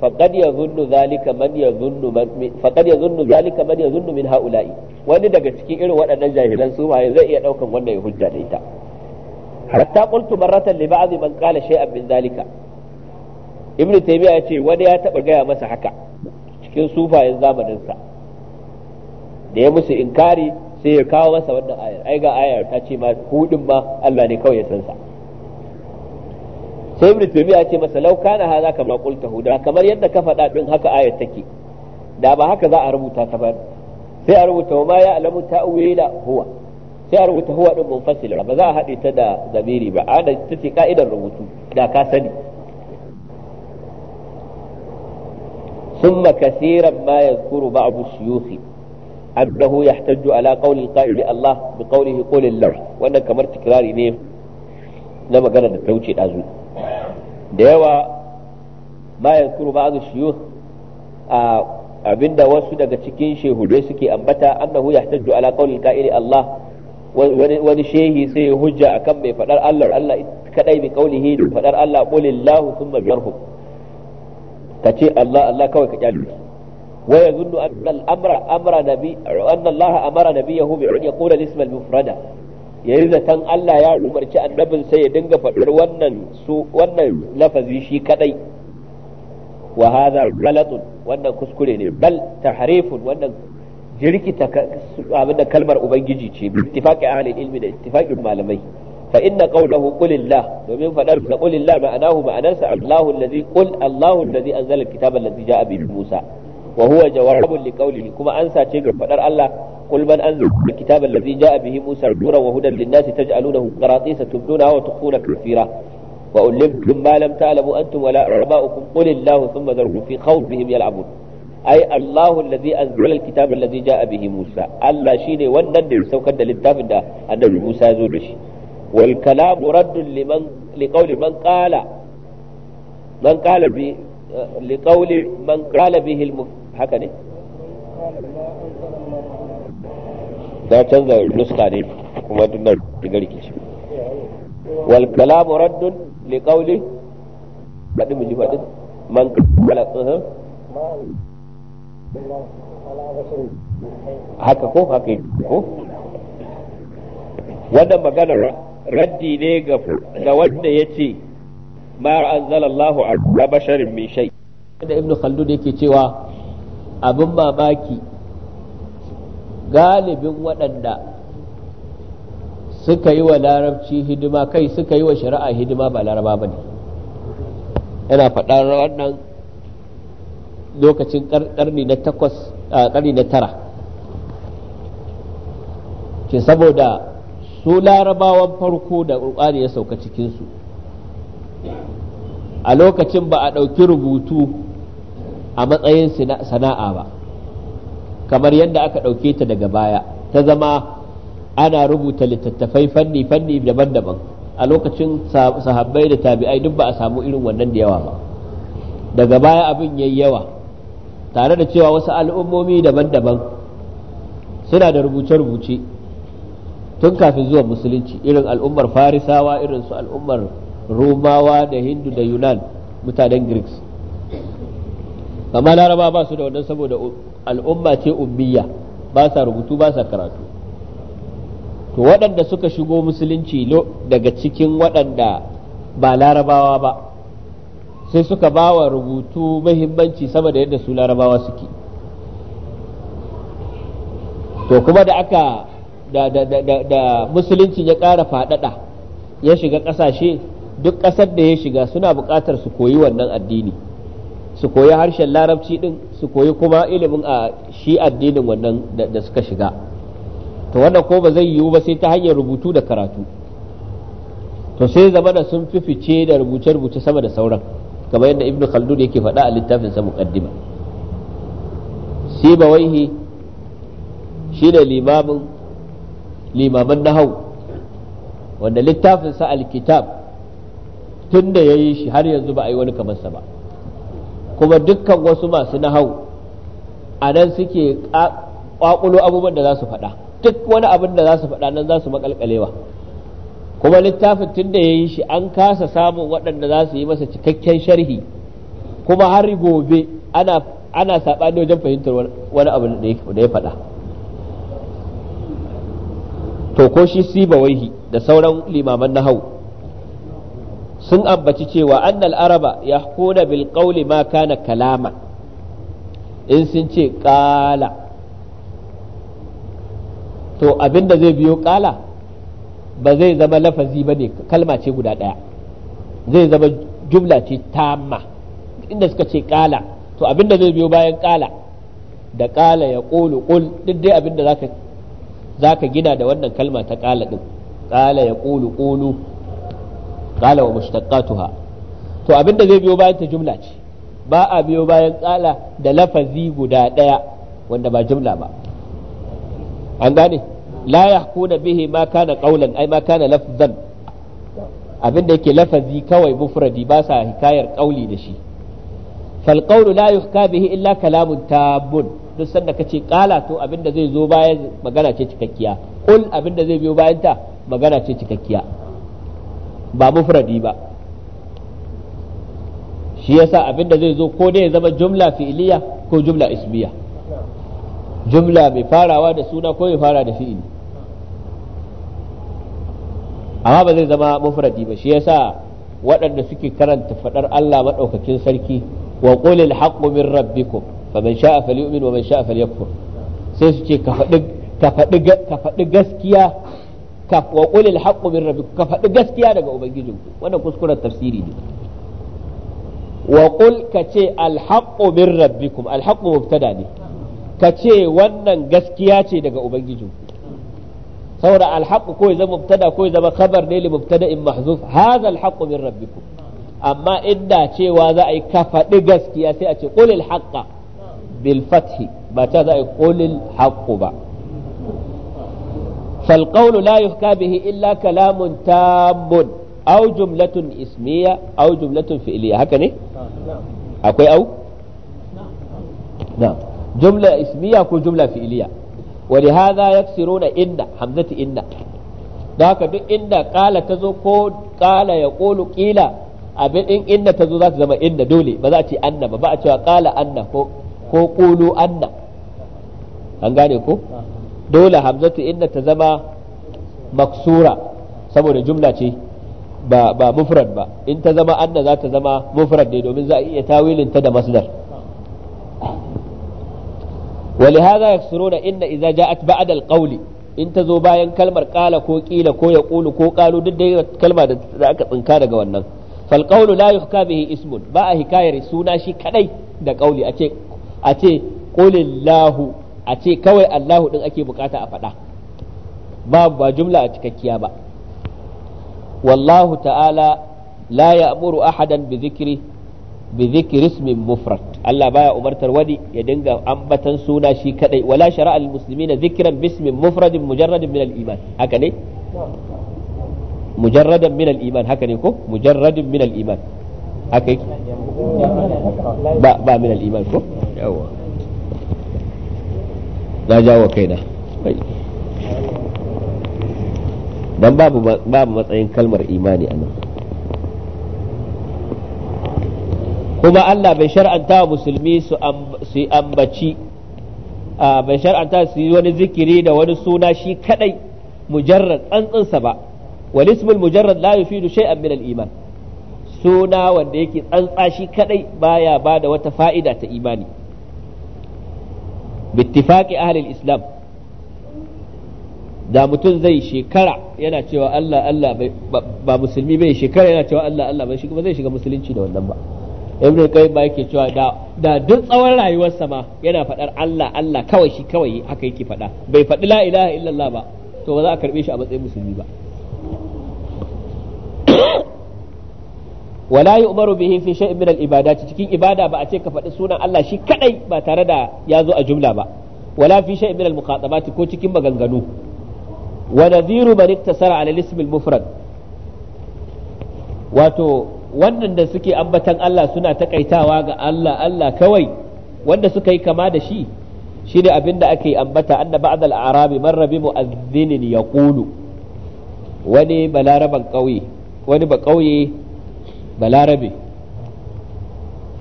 faqad yadhunnu zalika man yadhunnu faqad yadhunnu zalika man yadhunnu min haula'i wani daga cikin irin waɗannan jahilan su ma zai iya daukan wannan ya hujja da ita hatta qultu marratan li ba'd man qala shay'an min zalika ibn taymiya ya ce wani ya taba gaya masa haka cikin sufayen zamaninsa da ya musu inkari sai ya kawo masa wannan ayar ai ga ayar ta ce ma hudin ma Allah ne kawai ya san sa sai ibn taymiya ya ce masa law kana zaka ma qulta huda kamar yadda ka faɗa din haka ayar take da ba haka za a rubuta ta ba sai a rubuta ma ya alamu ta'wila huwa sai a rubuta huwa din munfasila ba za a haɗe ta da zamiri ba a da ta ce ka'idar rubutu da ka sani ثم كثيرا ما يذكر بعض الشيوخ أنه يحتج على قول القائل بالله بقوله قول الله وأن كمر تكراري نيم لما قال التوجيه الأزول ديوا ما يذكر بعض الشيوخ abinda wasu daga cikin shehudai suke ambata annahu yahtaju ala qawli al Allah wani shehi sai ya hujja akan mai fadar Allah Allah kadai bi qawlihi fadar Allah ka ce Allah Allah kawai ka kyale wa yazunnu anna al-amra amra nabi anna Allah amara nabiyahu bi an yaqula al-ism al-mufrada yayi tan Allah ya umarci annabin sai ya dinga faɗar wannan su wannan lafazi shi kadai wa hadha ghalatun wannan kuskure ne bal tahrifun wannan jirkita abinda kalmar ubangiji ce ittifaqi ahli ilmi da ittifaqi malamai fa inna qawluhu qulillah domin fadar da qulillah ma'anahu ma'anarsa Allahu allazi qul Allahu allazi anzala alkitaba allazi ja'a bi Musa wa huwa jawabun li qawlihi kuma an sace ga fadar Allah qul man anzala alkitaba allazi ja'a bihi Musa nuran wa hudan lin-nasi taj'alunahu qaratisa tubdunaha wa tukhuna kathira wa ulimtum ma lam ta'lamu antum wala arba'ukum qul Allahu thumma dharhum fi khawfihim yal'abun ai Allahu allazi anzala alkitaba allazi ja'a bihi Musa Allah shine wannan da ya saukar da littafin da annabi Musa ya zo da shi wal kalamu raddun man qala man qala man qala bihi al haka ne na canza nuska ne kuma duk daga rikici wal kalamu raddun badi mu man qala haka ko haka ko wannan maganar raddi ne ga da wanda yace ma anzalallahu ala basharin min shay da ibnu da yake cewa abin mamaki galibin waɗanda suka yi wa larabci hidima kai suka yi wa shari'a hidima ba laraba ba ne yana faɗar wannan lokacin ƙarni na takwas ƙarni na tara ke saboda su larabawan farko da ƙur'ani ya sauka cikinsu a lokacin ba a ɗauki rubutu a matsayin sana'a ba kamar yadda aka ɗauke ta daga baya ta zama ana rubuta littattafai fanni-fanni daban-daban a lokacin sahabbai da tabi'ai duk ba a samu irin wannan da yawa ba daga baya abin yayi yawa tare da cewa wasu al'ummomi daban-daban suna da rubuce-rubuce tun kafin zuwa musulunci irin al'ummar farisawa irin su al'ummar romawa da hindu da yunan mutanen greeks amma laraba ba su da wannan saboda al'umma ce ummiya ba sa rubutu ba sa karatu to waɗanda suka shigo musulunci daga cikin waɗanda ba larabawa ba sai suka ba wa rubutu mahimmanci sama da yadda su larabawa suke to kuma da aka da da musulunci ya ƙara faɗaɗa ya shiga ƙasashe duk ƙasar da ya shiga suna buƙatar su koyi wannan addini su koyi harshen larabci ɗin su koyi kuma ilimin a shi addinin wannan da suka shiga to wannan ko ba zai yiwu ba sai ta hanyar rubutu da karatu to sai zamana sun fi fice da rubuce-rubuce sama da sauran kamar yadda ibnu khaldun yake faɗa a littafin sa muqaddima sibawaihi da limamin limaman nahau wanda littafin sa alkitab tun da ya yi shi har yanzu ba a yi wani kamarsa ba kuma dukkan wasu masu nahau a nan suke kwakulo abubuwan da za su faɗa duk wani abin da za su faɗa nan za su makalkalewa kuma littafin tun da ya yi shi an kasa samun waɗanda za su yi masa cikakken sharhi kuma har gobe ana saɓani wajen fahimtar wani abu da ya faɗa to ko shi sibawaihi da sauran limaman nahau sun ambaci cewa annal araba ya bil qawli ma kana kalama in sun ce kala to abinda zai biyo kala ba zai zama lafazi ba ne kalma ce guda ɗaya zai zama jumla ce tamma inda suka ce kala to abinda zai biyo bayan kala da kala ya ƙulu ƙul duk dai abinda za ka Za ka gina da wannan kalma ta ƙala ɗin, ƙala ya yaqulu qulu ƙala wa mushtaqqatuha to abin da zai biyo bayan ta jumla ce ba a biyo bayan qala da lafazi guda ɗaya wanda ba jumla ba an gane la ya yahkuna bihe ma kana qawlan ai ma kana lafzan abin da yake lafazi kawai mufradi ba sa hikayar kauli da shi fal qawlu la yuhka bihi illa kalamun tabun duk sanda kace kala to abin da zai zo bayan magana ce cikakkiya kul abin da zai biyo bayan ta magana ce cikakkiya ba mufradi ba shi yasa abin da zai zo ko dai ya zama jumla fi'iliya ko jumla ismiya jumla mai farawa da suna ko mai fara da fi'ili amma ba zai zama mufradi ba shi yasa waɗanda suke karanta faɗar Allah maɗaukakin sarki wa qulil haqqu min rabbikum faman sha'a falyu'min wa man sha'a falyakfur sai su ce ka faɗi gaskiya ka wa min rabbik ka faɗi gaskiya daga ubangijinku wannan kuskuren tafsiri ne wa qul ka ce al min rabbikum al haqqu mubtada ne ka ce wannan gaskiya ce daga ubangijinku saboda alhaq ko ya zama mubtada zama ne li mubtada'in mahzuf hadha alhaq min amma inda cewa za a yi ka faɗi gaskiya sai a ce qulil haqqa bil fathi ba ta za a yi qulil haqqu ba fal qawlu la yuhka bihi illa kalamun tabbun aw jumlatun ismiya aw jumlatun fi'liya haka ne akwai au na jumla ismiya ko jumla fi'liya wa li hadha yaksiruna inda hamzati inda da haka duk inda qala tazo ko qala yaqulu qila abin tazo zama dole ba za a anna ba ba a cewa qala anna ko qulu anna an gane ko dole hamzatu inna ta zama maksura saboda jumla ce ba ba mufrad ba in ta zama anna za ta zama mufrad ne domin za a iya tawilin ta da masdar ولهذا يكسرون إن إذا جاءت بعد القول in ta zo bayan kalmar kala ko ƙila ko ya ko kalu duk da kalma da aka tsinka daga wannan fal qawlu la yuhka bihi ismun ba a hikayar suna shi kaɗai da kauli a ce a ce qulillahu a ce kawai Allahu din ake bukata a faɗa babu ba jumla a cikakkiya ba wallahu ta'ala la ya'muru ahadan bi dhikri bi dhikri ismin mufrad Allah baya umartar wani ya dinga ambatan suna shi kadai wala shar'a al muslimina dhikran bismin mufradin mujarradin min al iman haka ne mujarradan min al iman haka ne ko mujarradin min al iman haka yake ba ba min al-iman ko yawa na jawo kaina dan babu babu matsayin kalmar imani anan kuma Allah bai shar'anta wa musulmi su ambaci bai shar'anta su yi wani zikiri da wani suna shi kadai mujarrad tsantsansa ba wal ismul mujarrad la yufidu shay'an min al-iman suna wanda yake tsantsa shi kadai baya ba da wata fa'ida ta imani bittifaqi ahlil islam da mutum zai shekara yana cewa Allah Allah ba musulmi bai shekara yana cewa Allah Allah bai shiga kuma zai shiga musulunci da wannan ba ibnu qayyim ba yake cewa da da duk tsawon rayuwarsa ma yana fadar Allah Allah kawai shi kawai haka yake fada bai faɗi la ilaha illallah ba to ba za a karbe shi a matsayin musulmi ba wala yu'maru bihi fi shay'in min al cikin ibada ba a ce ka faɗi sunan Allah shi kadai ba tare da ya zo a jumla ba wala fi shay'in min al ko cikin maganganu wa nadhiru man iktasara ala al wato wannan da suke ambatan Allah suna takaitawa ga Allah Allah kawai wanda suka yi kama da shi shine abinda ake ambata anna ba'd al-arabi marrabi bi mu'adhdhin yaqulu wani balaraban ƙauye wani ba ƙauye balarabe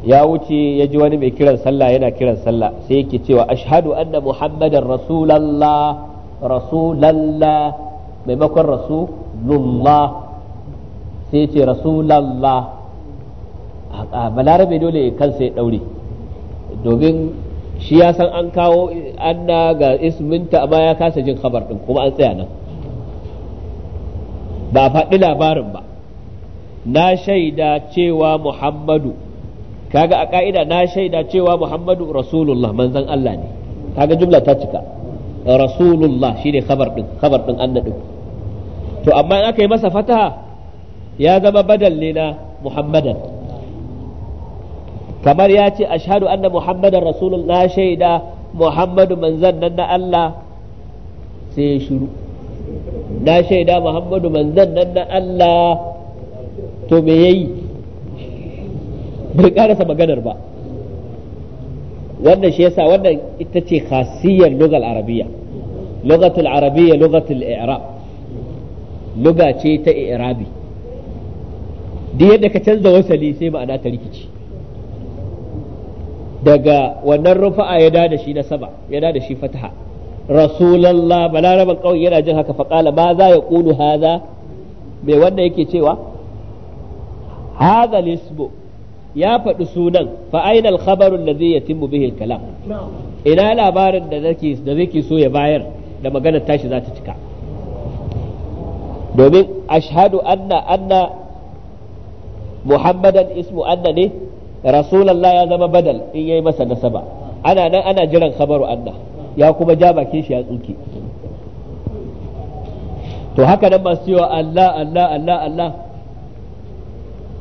ya wuce ya ji wani mai kiran sallah yana kiran sallah sai yake cewa ashhadu anna muhammadan rasulallah rasulallah maimakon rasulullah sai ce rasulallah a balarabe dole kansa ya daure domin shi ya san an kawo anna ga isminta amma ya kasa jin khabar din kuma an tsaya nan ba faɗi labarin ba na shaida cewa muhammadu kaga a ka'ida na shaida cewa muhammadu rasulullah manzan Allah ne kaga jumla ta cika rasulullah shine khabar din khabar ɗin. anna din to amma in aka yi masa fataha ya zama badal ne na muhammadan kamar ya ce ashhadu anna muhammadan rasulullah na shaida muhammadu manzan nan na Allah sai ya shuru. na shaida muhammadu manzan nan na Allah to me ya yayi bai karasa maganar ba wannan shi yasa wannan ita ce khasiyar lugal arabiya lugatul arabiya lugatul i'rab luga ce ta i'rabi duk yadda ka canza wasali sai ma'ana ta rikici daga wannan rufa'a ya da shi na saba ya da shi fataha rasulallah balaraban kawai yana jin haka faƙala ma za ya ƙulu haza mai wanda yake cewa hadha ismu ya faɗi sunan fa aina al zai alladhi yatimmu bihi kalam ina labarin da zake da zake so ya bayar da maganar tashi za ta cika domin ashhadu anna anna muhammadan ismu anna ne rasulullah ya zama badal in yayi masa nasaba ana nan ana jiran khabaru anna ya kuma ja bakin shi ya tsuke to haka nan masu cewa Allah Allah Allah Allah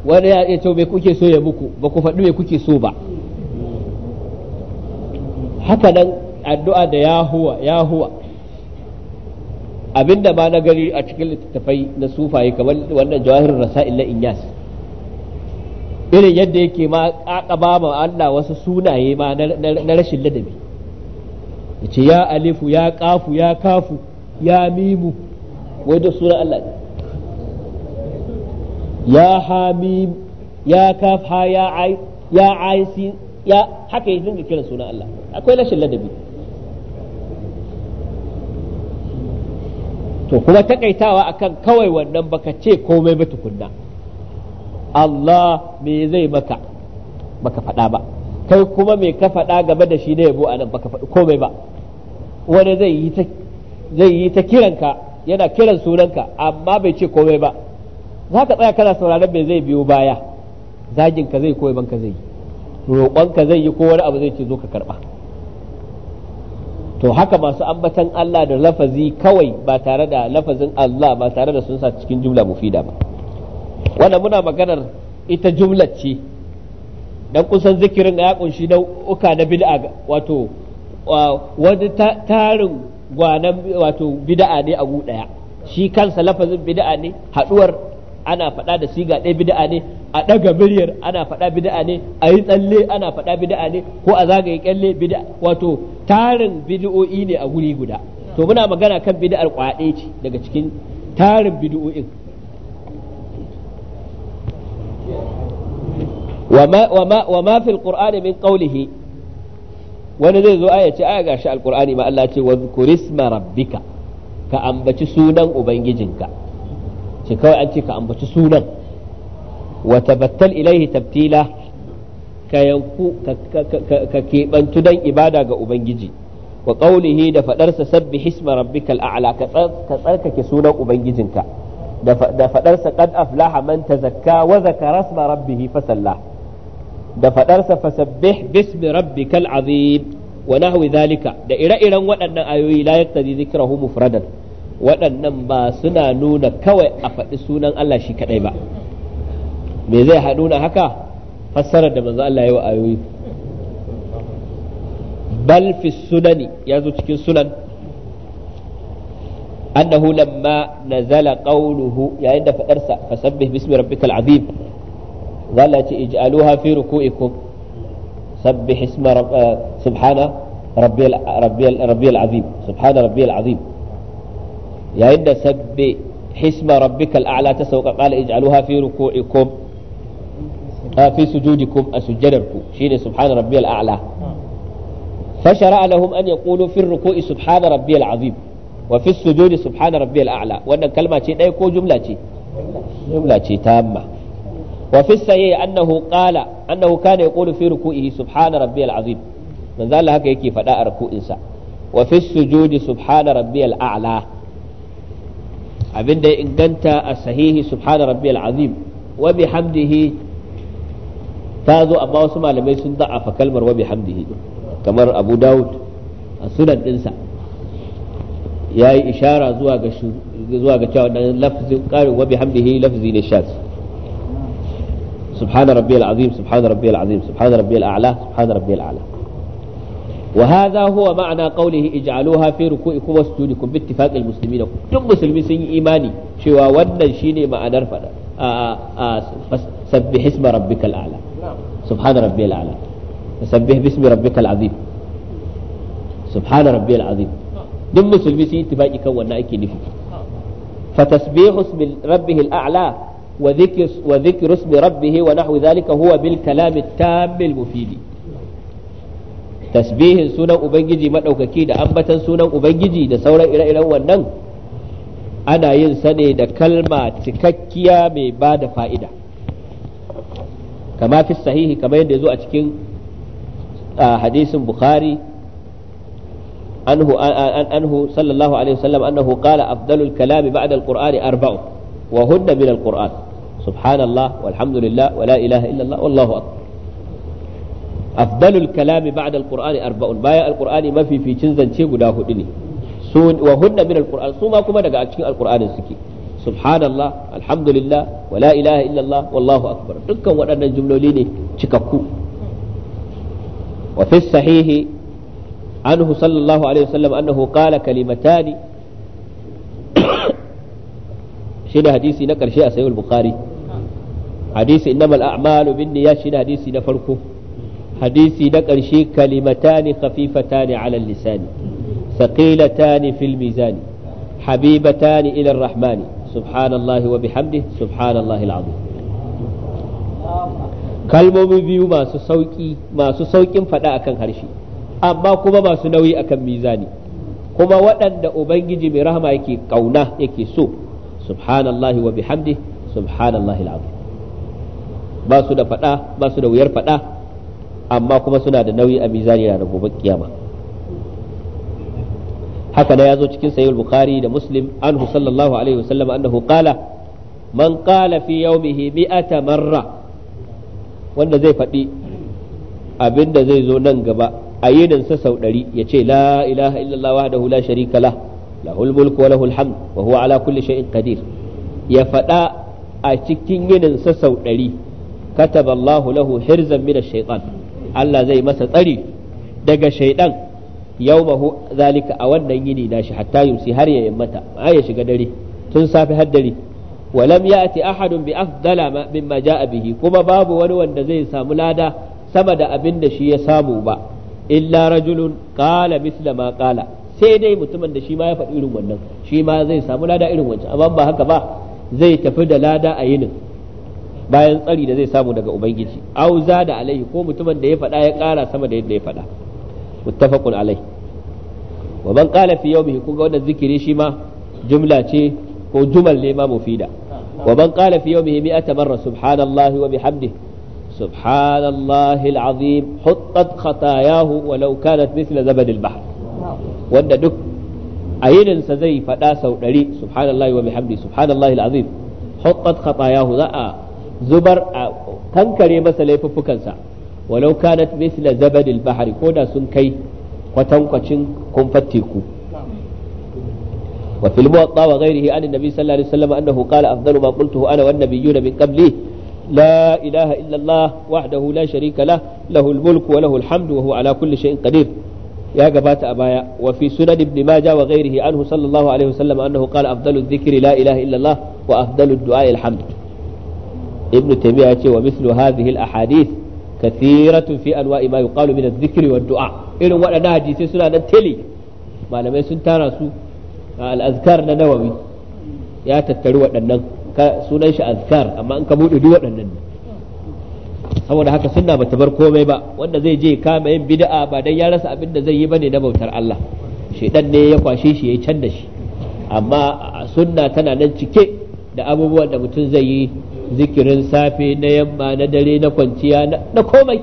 wani ya ce me kuke so ya muku ba ku faɗi me kuke so ba haka nan addu'a da yahuwa yahuwa abinda ba na gari a cikin littattafai na sufaye kamar wannan jawahirin rasa'il na inyas irin yadda yake ma kakaba ma Allah wasu sunaye ma na rashin ladabi ce ya alifu ya kafu ya kafu ya mimu wai da Allah ya habib ya kafa ya ai ya aisi ya haka ya dinga kiran sunan Allah akwai rashin ladabi to kuma takaitawa akan kawai wannan baka ce komai ba tukunna Allah me zai maka baka faɗa ba kai kuma me ka faɗa game da shi ne yabo a nan baka faɗi komai ba wani zai yi ta kiranka yana kiran sunanka amma bai ce komai ba za ka tsaya kana sauraron me zai biyo baya zagin ka zai ko banka zai yi roƙon ka zai yi ko wani abu zai ce zo ka karba to haka masu ambatan Allah da lafazi kawai ba tare da lafazin Allah ba tare da sun sa cikin jumla mufida ba wannan muna maganar ita jumla ce dan kusan zikirin ya kunshi uka na bid'a wato wani tarin gwanan wato bid'a ne a gu daya shi kansa lafazin bid'a ne haduwar ana faɗa da siga ɗaya bid'a ne a ɗaga miryar ana faɗa bid'a ne a yi tsalle ana faɗa bid'a ne ko a zagaye kyalle bid'a wato tarin bid'o'i ne a guri guda to muna magana kan bid'ar kwaɗe ce daga cikin tarin bid'o'in wa ma fi min qawlihi wani zai zo aya ce aya gashi alqur'ani ma Allah ce wa zkurisma rabbika ka ambaci sunan ubangijinka ce kawai an ce ka ambaci sunan wa tabattal ilaihi tabtila ka yanku ka keɓantu don ibada ga ubangiji wa qaulihi da fadarsa sabbi hisma rabbikal a'la ka tsarkake sunan ubangijinka da fadarsa qad aflaha man tazakka wa zakara isma rabbih fasalla da fadarsa fasabbih bismi rabbikal azim wa nahwi zalika da ire-iren waɗannan ayoyi la yaqtadi zikrahu mufradan waɗannan ba suna nuna kawai a faɗi sunan Allah shi kaɗai ba me zai haɗu na haka fassarar da manzo Allah ya wa ayoyi bal fi sunani ya zo cikin sunan annahu lamma nazala qawluhu yayin da faɗarsa fasabbih bismi rabbikal azim zalla ce ij'aluha fi ruku'ikum sabbih isma eh, subhana rabbiyal rabbiyal rabbiyal azim subhana rabbiyal azim yayin da sabbe hisma rabbikal a'la ta sauka qala ij'aluha fi ruku'ikum fi sujudikum asujjadarku shine subhana rabbiyal a'la fashara lahum an yaqulu fi ruku'i subhana rabbiyal azim wa fi sujudi subhana rabbiyal a'la wannan kalma ce dai ko jumla ce jumla ce tamma wa fi sayyi annahu qala annahu kana yaqulu fi ruku'ihi subhana rabbiyal azim manzo Allah haka yake fada a ruku'insa wa fi sujudi subhana rabbiyal a'la abin da ya inganta a sahihi subhana rabbi azim wa bihamdihi ta zo amma wasu malamai sun da'afa kalmar wa bihamdihi kamar abu dawud a sunan dinsa ya yi ishara zuwa ga zuwa ga cewa dan lafzin qarin wa bihamdihi lafzi ne shaz subhana rabbi azim subhana rabbi azim subhana rabbi a'la subhana rabbi a'la wa hadha huwa ma'ana qawlihi ij'aluha fi ruku'ikum wa sujudikum bi ittifaqil muslimin duk musulmi sun yi imani cewa wannan shine ma'anar fada sabbih isma rabbikal a'la subhana rabbiyal a'la sabbih bismi rabbikal azim subhana rabbiyal azim duk musulmi sun yi kan wannan ake nufi fa tasbihu ismi rabbihil a'la وذكر وذكر اسم ربه ونحو ذلك هو بالكلام التام المفيد tasbihin sunan ubangiji madaukaki da ambatan sunan ubangiji da sauran ire-iren wannan ana yin sa ne da kalma cikakkiya mai ba da fa’ida kama fi sahihi kamar yadda ya zo a cikin hadisin bukhari anhu sallallahu alaihi wasallam annahu qala afdalul kalami ba'da alquran arba'u wa hudda min alquran subhanallah walhamdulillah wa la illa allah. wallahu akbar afdalul kalami ba'da alqur'ani arba'un bayan alqur'ani mafificin zance guda hudu ne su wa hunna min alqur'an su ma kuma daga cikin alqur'anin suke subhanallah alhamdulillah wa la illallah wallahu akbar dukkan waɗannan jumloli ne cikakku wa fi sahihi anhu sallallahu alaihi wasallam annahu qala kalimatani *coughs* shi da hadisi na karshe a sahih bukhari hadisi innamal a'malu binniyat shi da hadisi na farko hadisi na ƙarshe kalimatani khafifatani ala lisani thaqilatani fil mizani habibatani ila rahmani subhanallahi wa bihamdi subhanallahi al'azim kalmomi biyu masu sauki masu saukin faɗa akan harshe amma kuma masu nauyi akan mizani kuma waɗanda ubangiji mai rahama yake kauna yake so subhanallahi wa bihamdi subhanallahi al'azim ba su da fada ba su da wuyar fada. amma kuma suna da nauyi a mizani na gobe kiyama haka da yazo cikin sahih bukhari da muslim anhu sallallahu alaihi wasallam annahu qala man qala fi yawmihi mi'ata marra wanda zai faɗi abinda zai zo nan gaba a yinin sa sau ɗari ya ce la ilaha illallah wahdahu la sharika lah lahul mulku wa lahul hamd wa huwa ala kulli shay'in qadir ya faɗa a cikin yinin sa sau ɗari kataballahu الله hirzan min من الشيطان Allah zai masa tsari daga shaidan yawmahu zalika a wannan yini shi hatta yumsi har ya yammata ma ya shiga dare tun safi har dare walam ya'ti ahadun bi afdala mimma ja'a bihi kuma babu wani wanda zai samu lada sama da abin da shi ya samu ba illa rajulun qala misla ma qala sai dai mutumin da shi ma ya faɗi irin wannan shi ma zai samu lada irin wancan amma ba haka ba zai tafi da lada a yinin bayan tsari da zai samu daga ubangiji au da alaihi ko mutumin da ya faɗa ya ƙara sama da yadda ya faɗa muttafaqun alaihi wa man qala fi yawmihi kun ga wannan zikiri shi ma jumla ce ko jumal ne ma mufida wa man qala fi yawmihi mi'ata marra subhanallahi wa bihamdihi سبحان الله العظيم حطت خطاياه ولو كانت مثل زبد البحر wanda duk a yininsa zai faɗa sau ɗari subhanallahi wa bihamdi subhanallahi al'azim huqqat khatayahu za a zubar a kankare masa laifuffukansa walau kanat misla zabadil bahari ko da kai kwatankwacin kumfar teku wa filmu wa wa ghairihi an nabi sallallahu alaihi wasallam annahu qala afdalu ma qultuhu ana wan nabiyyu min qabli la ilaha illa allah wahdahu la sharika lah lahu al mulku wa lahu al hamdu wa huwa ala kulli shay'in qadir ya gabata a baya wa fi sunan ibn majah wa ghairihi anhu sallallahu alaihi wasallam annahu qala afdalu dhikri la ilaha illa ibnu taymiya ce wa mislu hadhihi al ahadith kathiratun fi anwa'i ma yuqalu min adh-dhikri wad du'a irin waɗannan hadisi suna nan tele malamai sun tara su al azkar na nawawi ya tattaru waɗannan sunan shi azkar amma in ka bude duk waɗannan saboda haka sunna bata bar komai ba wanda zai je kama yin bida'a ba dan ya rasa abin da zai yi ne na bautar Allah shedan ne ya kwashe shi yayi can da shi amma sunna tana nan cike da abubuwan da mutum zai yi zikirin safe na yamma na dare na kwanciya na komai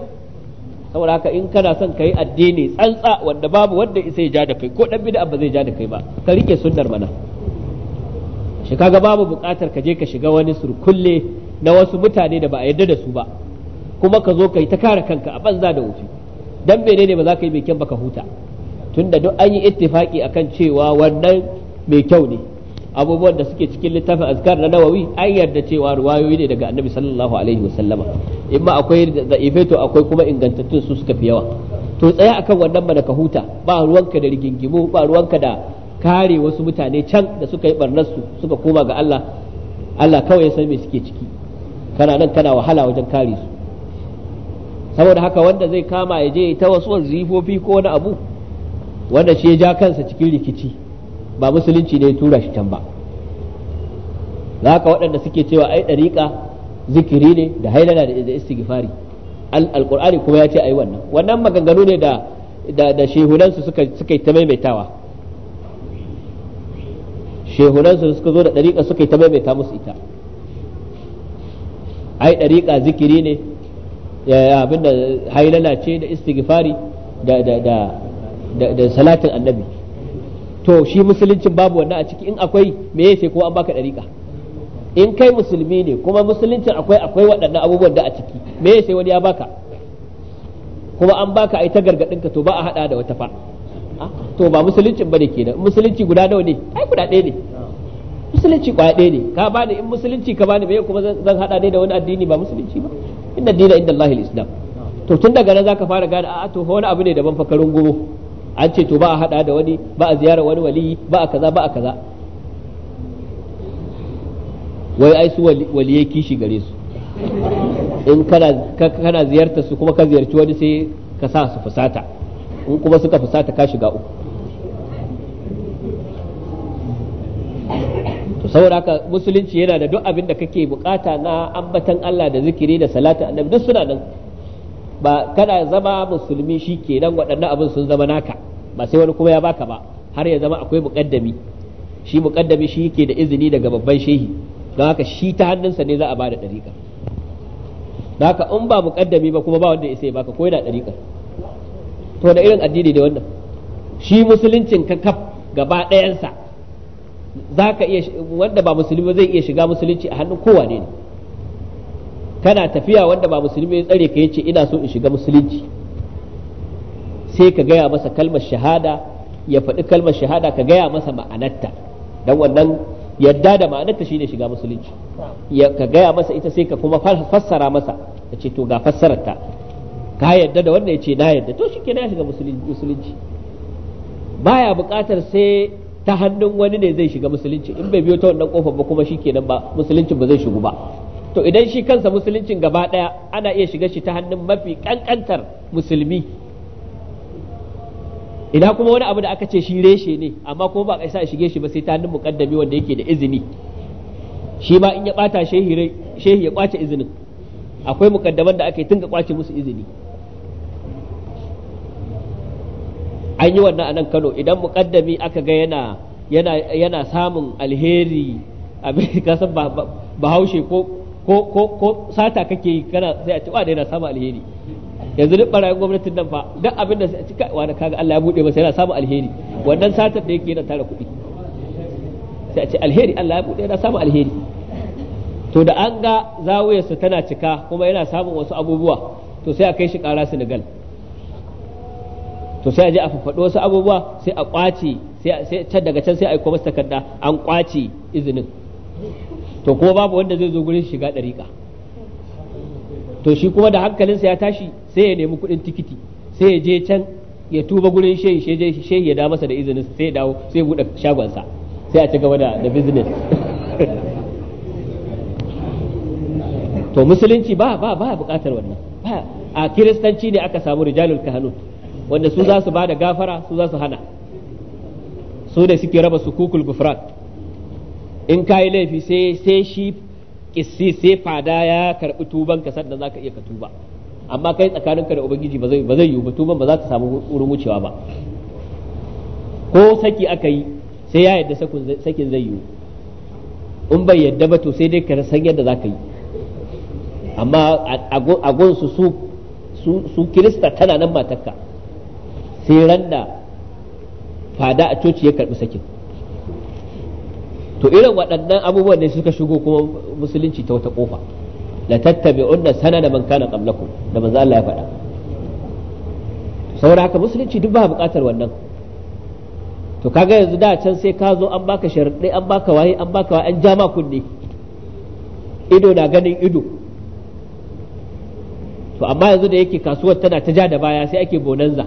saboda haka in kana son kai addini tsantsa wanda babu wanda isa ya ja da kai ko dan bid'a ba zai ja da kai ba ka rike sunnar mana shi kaga babu buƙatar ka je ka shiga wani surkulle na wasu mutane da ba a yarda da su ba kuma ka zo ka ta kare kanka a banza da wuce dan ne ba za ka yi mai kyan ka huta tunda duk an yi ittifaki akan cewa wannan mai kyau ne abubuwan da suke cikin littafin azkar na nawawi an yarda cewa ruwayoyi ne daga annabi sallallahu alaihi sallama in ma akwai da to akwai kuma ingantattun su suka fi yawa to tsaya akan wannan mana ka huta ba ruwanka da rigingimu ba ruwanka da kare wasu mutane can da suka yi barnar su suka koma ga Allah Allah kawai ya san me suke ciki kana nan kana wahala wajen kare su saboda haka wanda zai kama ya je ta wasu zifofi ko wani abu wanda shi ya ja kansa cikin rikici ba musulunci ne ya tura shi can ba za ka waɗanda suke cewa ai ɗariƙa zikiri ne da hailana da istighfari alqur'ani kuma ya ce ai wannan wannan maganganu ne da da, da shehunansu suka suka yi ta maimaitawa shehunansu suka zo da ɗariƙa suka yi ta maimaita musu ita ai ɗariƙa zikiri ne abin da hailana ce da istighfari da da da, da salatin annabi to shi musuluncin babu wannan a ciki in akwai me ya ce ko an baka dariƙa in kai musulmi ne kuma musuluncin akwai akwai waɗannan abubuwan da a ciki me ya ce wani ya baka kuma an baka ai ta gargadin ka to ba a hada da wata fa ah, to ba musuluncin bane kenan musulunci guda nawa ne ai guda ɗaya ne musulunci kwaya ɗaya ne ka bani in musulunci ka bani me kuma zan hada ne da wani addini ba musulunci ba inna dina inda Allahil Islam to tun daga nan zaka fara gane a to wani abu ne daban fa ka rungumo an ce to ba a hada da wani ba a ziyara wani wali ba a kaza ba a kaza wai ai su ya kishi gare su in kana ziyarta su kuma ka ziyarci wani sai ka sa su fusata in kuma suka fusata ka shiga uku to saboda haka musulunci yana da duk abin da kake bukata na ambatan Allah da zikiri da salatu annabi duk suna nan ba kana zama musulmi shi kenan waɗannan abin sun zama naka ba sai wani kuma ya baka ba har ya zama akwai muƙaddami shi muƙaddami shi yake da izini daga babban shehi don haka shi ta hannunsa ne za a bada ɗariƙa don haka in ba muƙaddami ba kuma ba wanda ya sai baka ko yana ɗariƙa to da irin addini da wannan shi musuluncin ka kaf gaba ɗayansa za ka iya wanda ba musulmi zai iya shiga musulunci a hannun kowane ne kana tafiya wanda ba musulmi ya tsare ka yace ina so in shiga musulunci sai ka gaya masa kalmar shahada ya faɗi kalmar shahada ka gaya masa ma'anarta dan wannan yadda da ma'anarta shine shiga musulunci ka gaya masa ita sai ka kuma fassara masa ka ce to ga fassararta ka yadda da wanda ya ce na yadda to shike na shiga musulunci baya buƙatar sai ta hannun wani ne zai shiga musulunci in bai biyo ta wannan kofar ba kuma shikenan ba musuluncin ba zai shigu ba to idan shi kansa musuluncin gaba ɗaya ana iya shiga shi ta hannun mafi ƙanƙantar musulmi ina kuma wani abu da aka ce shi reshe ne amma kuma ba a isa shige shi ba sai ta hannun muƙaddami wanda yake da izini shi ma in ya ɓata shehi ya ƙwace izinin akwai muƙaddaman da aka yi tun ga ƙwace musu izini an yi wannan a nan kano idan muƙaddami aka ga yana yana samun alheri bai kasan bahaushe ko ko ko ko sata kake yi kana sai a ce wa da yana samu alheri yanzu duk barayin gwamnatin nan fa duk abin da sai a ci wani kaga Allah ya bude masa yana samu alheri wannan satar da yake yana tara kuɗi sai a ci alheri Allah ya bude yana samu alheri to da an ga zawiyarsa tana cika kuma yana samun wasu abubuwa to sai a kai shi kara Senegal to sai a je a faɗo wasu abubuwa sai a kwace sai can daga can sai a yi kuma takarda an kwace izinin to kuma babu wanda zai zo gurin shiga dariƙa. to shi kuma da hankalinsa ya tashi sai ya nemi kuɗin tikiti sai ya je can ya tuba gurin shehi shehi ya da masa da izinin sai ya dawo sai ya buɗe shagonsa sai a ci gaba da da business *laughs* to musulunci ba ba ba buƙatar wannan a kiristanci ne aka samu rijalul kahanut wanda su za su ba da gafara su za su hana su da suke raba su kukul gufrat in ka yi laifi sai sai shi kissi sai fada ya karbi tuban ka sannan zaka iya ka tuba amma kai tsakaninka da ubangiji ba zai ba zai ba tuban ba za ta samu wurin wucewa ba ko saki aka yi sai ya yadda sakin zai yi in bai yadda ba to sai dai ka san yadda zaka yi amma a gunsu su su kirista tana nan matakka sai randa fada a coci ya karbi sakin to irin waɗannan abubuwan ne suka shigo kuma musulunci ta wata kofa la sana da man kana qablakum da manzo Allah ya faɗa saboda haka musulunci duk ba buƙatar wannan to kaga yanzu da can sai ka zo an baka sharaɗai an baka waye an baka waye an jama kunne ido na ganin ido to amma yanzu da yake kasuwar tana ta ja da baya sai ake bonanza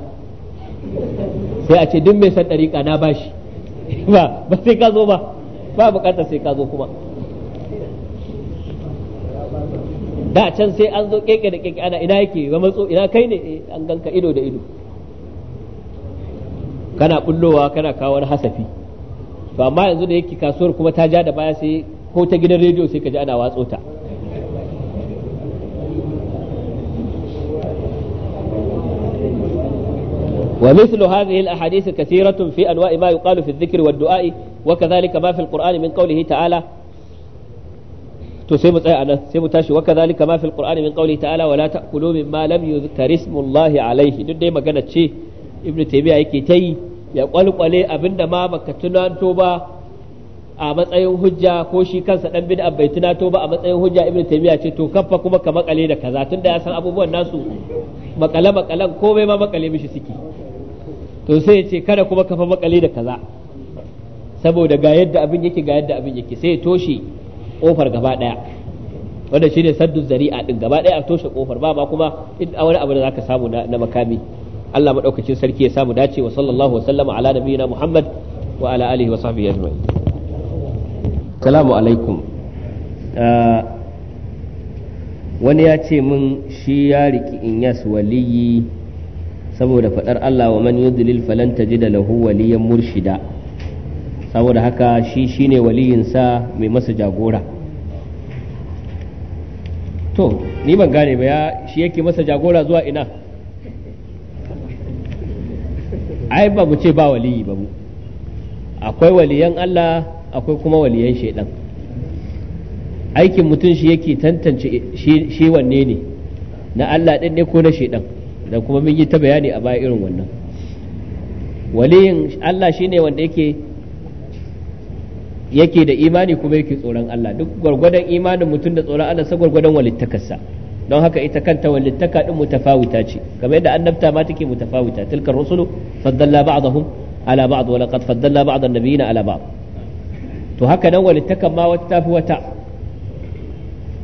sai a ce duk mai san ɗariƙa na bashi *laughs* ba ba sai ka zo ba ba bukatar sai ka zo kuma da can sai an zo keke da keke ana ina yake ba matso ina kai ne eh, an ganka ido da ido kana bullowa kana kawo wani hasafi to amma yanzu da yake kasuwar kuma ta ja da baya sai ko ta gidan rediyo sai ka ji ana watso ta ومثل هذه الأحاديث كثيرة في أنواع ما يقال في الذكر والدعاء وكذلك ما في القرآن من قوله تعالى تسيب أنا سيب تاشي وكذلك ما في القرآن من قوله تعالى ولا تأكلوا مما لم يذكر اسم الله عليه دون دي مغانا تشي ابن تيمية يكي تي يقول قولي أبن ما مكتنا أنتوبا a matsayin hujja ko shi kansa dan bid'a bai tunato ba a matsayin hujja ibnu taymiya ce to kaffa kuma ka makale da kaza tunda ya san abubuwan nasu makale makalan komai ma makale mishi suke to sai ya ce kada kuma kafa makali da kaza saboda ga yadda abin yake ga yadda abin yake sai ya toshe kofar gaba daya wanda shine saddu zari'a din gaba daya a toshe kofar ba ba kuma wani abu da zaka samu na makami Allah madaukakin sarki ya samu dace wa sallallahu wa sallama ala nabiyina Muhammad wa ala alihi wa sahbihi ajma'in assalamu alaikum ah, wani ya ce min shi ya riki in yas waliyi saboda faɗar Allah wa man yudlil falan tajida lahu waliyan murshida saboda haka shi shine waliyinsa mai masa jagora to ni ban gane ba ya shi yake masa jagora zuwa ina ai ba mu ce ba waliyi ba mu akwai waliyan Allah akwai kuma waliyan shaidan aikin mutum shi yake tantance shi wanne ne na Allah ɗin ne ko na shaidan da kuma mun yi ta bayani a baya irin wannan waliyin Allah shine wanda yake yake da imani kuma yake tsoron Allah duk gwargwadon imanin mutum da tsoron Allah sai gwargwadon walittakarsa don haka ita kanta walittaka din mutafawita ce kamar yadda annabta ma take mutafawita tilkar rusulu faddalla ba'dahum ala ba'd wa laqad faddalla ba'd an-nabiyina ala ba'd to haka nan walittakan ma wata tafi wata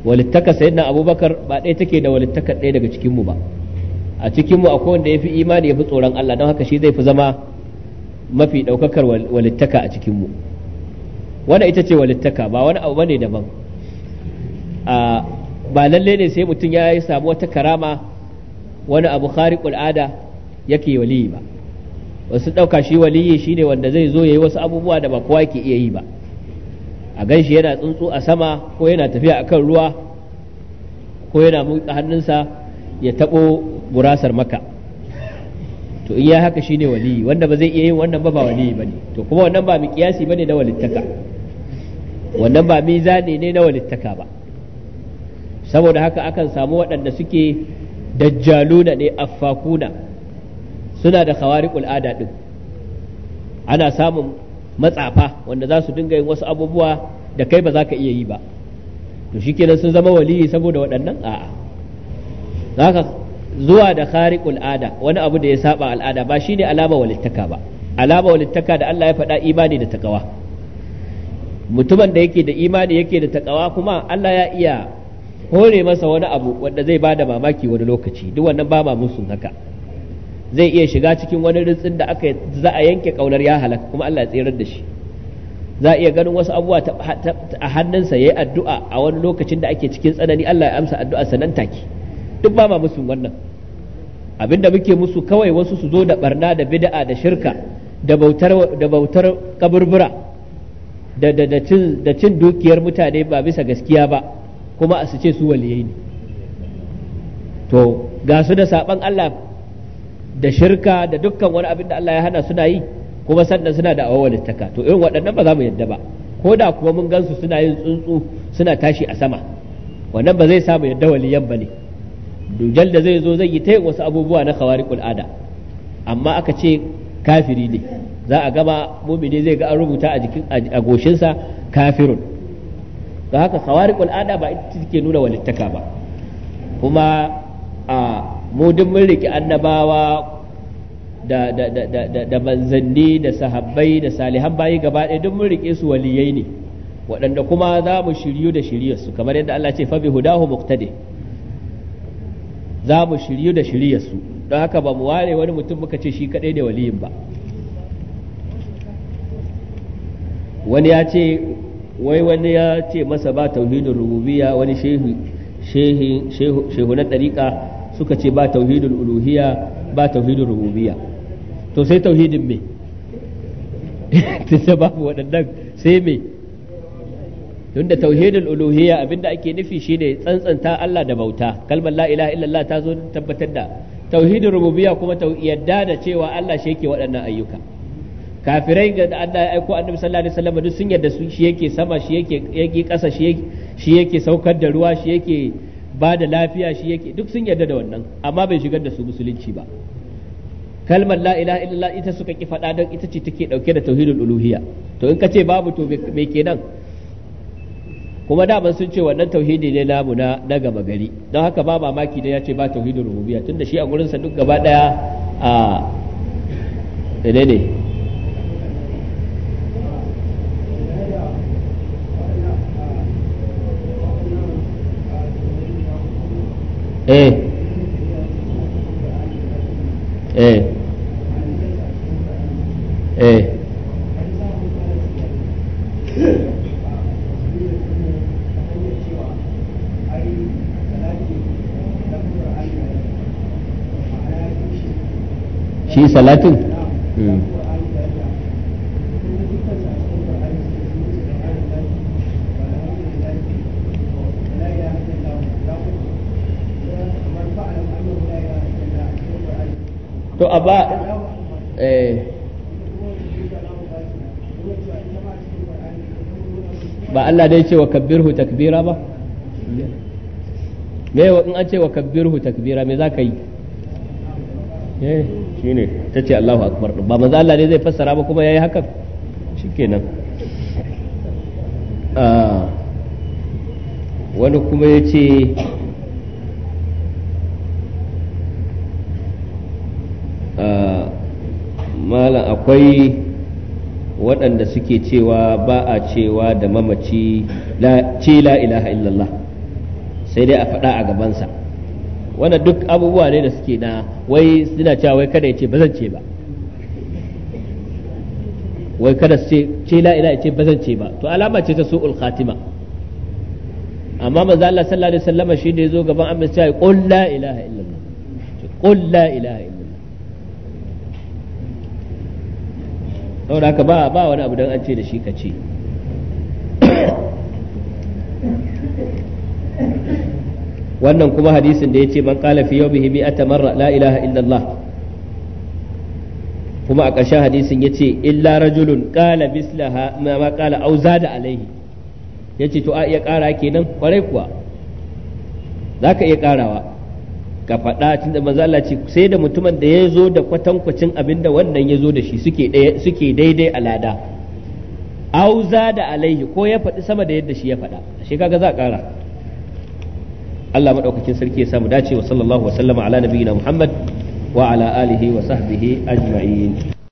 walittaka sayyidina abubakar ba ɗaya take da walittaka ɗaya daga cikin mu ba a cikin mu akwai wanda fi imani fi tsoron Allah don haka shi zai fi zama mafi daukakar walittaka a cikin mu wannan ita ce walittaka ba wani abu bane daban ba lalle ne sai mutum ya yi samu wata karama wani abu khariqul ada yake waliyi ba wasu ɗauka shi waliyi shine wanda zai zo yayi wasu abubuwa da ba kowa yake iya yi ba a gan shi yana tsuntsu a sama ko yana tafiya akan ruwa ko yana mutsa hannunsa ya taɓo gurasar maka to in ya haka ne waliyi wanda ba zai iya yin wannan ba ba waliyi ne to kuma wannan ba kiyasi ba ne na walittaka wannan ba zane ne na walittaka ba saboda haka akan samu waɗanda suke dajjaluna ne affakuna suna da khawari ada ɗin ana samun matsafa wanda za su dinga yin wasu abubuwa da kai ba za ka iya yi ba to shikenan sun zama waliyi saboda waɗannan a'a zaka zuwa da khariqul ada wani abu da ya saba al'ada ba shine alama walittaka ba alama walittaka da Allah ya faɗa imani da takawa mutumin da yake da imani yake da takawa kuma Allah ya iya hore masa wani abu wanda zai bada mamaki wani lokaci duk wannan ba ma musu haka zai iya shiga cikin wani rintsin da aka za a yanke kaunar ya halaka kuma Allah ya tsirar da shi za a iya ganin wasu abubuwa a hannunsa ya yi addu'a a wani lokacin da ake cikin tsanani Allah ya amsa addu'a sanan take duk ba ma musu wannan abinda muke musu kawai wasu su zo da barna da bid'a da shirka da bautar da kaburbura da cin dukiyar mutane ba bisa gaskiya ba kuma a su ce su waliyai ne to ga su da saban Allah da shirka da dukkan wani abin da Allah ya hana suna yi kuma sannan suna da taka, to irin waɗannan ba za mu yadda ba ko da kuma mun gansu suna yin tsuntsu suna tashi a sama wannan ba zai samu yadda waliyan ba ne dujal da zai zo zai yi ta wasu abubuwa na khawariqul ada amma aka ce kafiri ne za a gaba mumini zai ga an rubuta a jikin a goshinsa kafirun don haka khawariqul ada ba ita take nuna walittaka ba kuma a mu duk mun riki annabawa da da da da da manzanni da sahabbai da salihan bayi gaba ɗaya duk mun rike su waliyai ne waɗanda kuma za mu shiryu da shiryarsu kamar yadda Allah ce fa bi hudahu muqtadi za mu shiryu da shiryarsu don haka ba mu ware wani mutum muka ce shi kadai ne waliyin ba wani ya ce wai wani ya ce masa ba tauhidul rububiyya wani shehu na ɗariƙa suka ce ba tauhidul uluhiyya ba tauhidul rububiyya to sai tauhidin me *laughs* ta babu waɗannan sai me Tunda da tauhidul uluhiyya abinda ake nufi shine tsantsanta Allah da bauta kalmar la ilaha illallah ta zo tabbatar da tauhidul rububiyya kuma yadda da cewa Allah shi yake waɗannan ayyuka kafirai ga Allah ya aiko annabi sallallahu alaihi wasallam duk sun yadda shi yake sama shi yake yake ƙasa shi yake saukar da ruwa shi yake ba da lafiya shi yake duk sun yadda da wannan amma bai shigar da su musulunci ba kalmar la ilaha illallah ita suka ki faɗa don ita ce take ɗauke da tauhidul uluhiyya to in ka ce babu to me kenan kuma da sun ce wannan tauhidi ne namu na na gama gari don haka ba mamaki da ya ce ba tauhidin rububiyya tunda shi a gurin sa duk gaba daya a ne ne eh fi salatin to a ba eh, ba Allah dai ce wa kabbirhu takbira ba me in an ce wa kabbirhu takbira me za ka yi eh shine ce Allahu akbar ba maza Allah ne zai fassara ba kuma yi hakan shikenan ah, wani kuma yace ce ah, malam akwai waɗanda suke cewa ba a cewa da mamaci ce la ilaha illallah sai dai a faɗa a gabansa wannan duk abubuwa ne da suke na wai suna cewa wai kada ya ce ba zan ce ba wai kada su ce la ila ya ce ba zan ce ba to alama ce ta su'ul khatima amma manzo Allah sallallahu alaihi wasallam shi ne yazo gaban amma cewa qul la ilaha illallah qul la ilaha illallah saboda haka ba ba wani abu dan an ce da shi ka ce wannan kuma hadisin da yace man qala fi yawmihi mi'ata marra la ilaha illallah kuma a ƙarshen hadisin yace illa rajulun qala mislaha ma qala au zada alaihi yace to a iya ƙara kenan kwarai kuwa zaka iya ƙarawa ka faɗa da manzo Allah ce sai da mutumin da ya zo da kwatankwacin abin da wannan ya zo da shi suke daidai a lada auza da alaihi ko ya faɗi sama da yadda shi ya faɗa shi kaga za a ƙara Allah madaukakin sarki ya samu dace wa sallallahu wa sallama ala nabiyina Muhammad wa ala alihi wa sahbihi ajma'in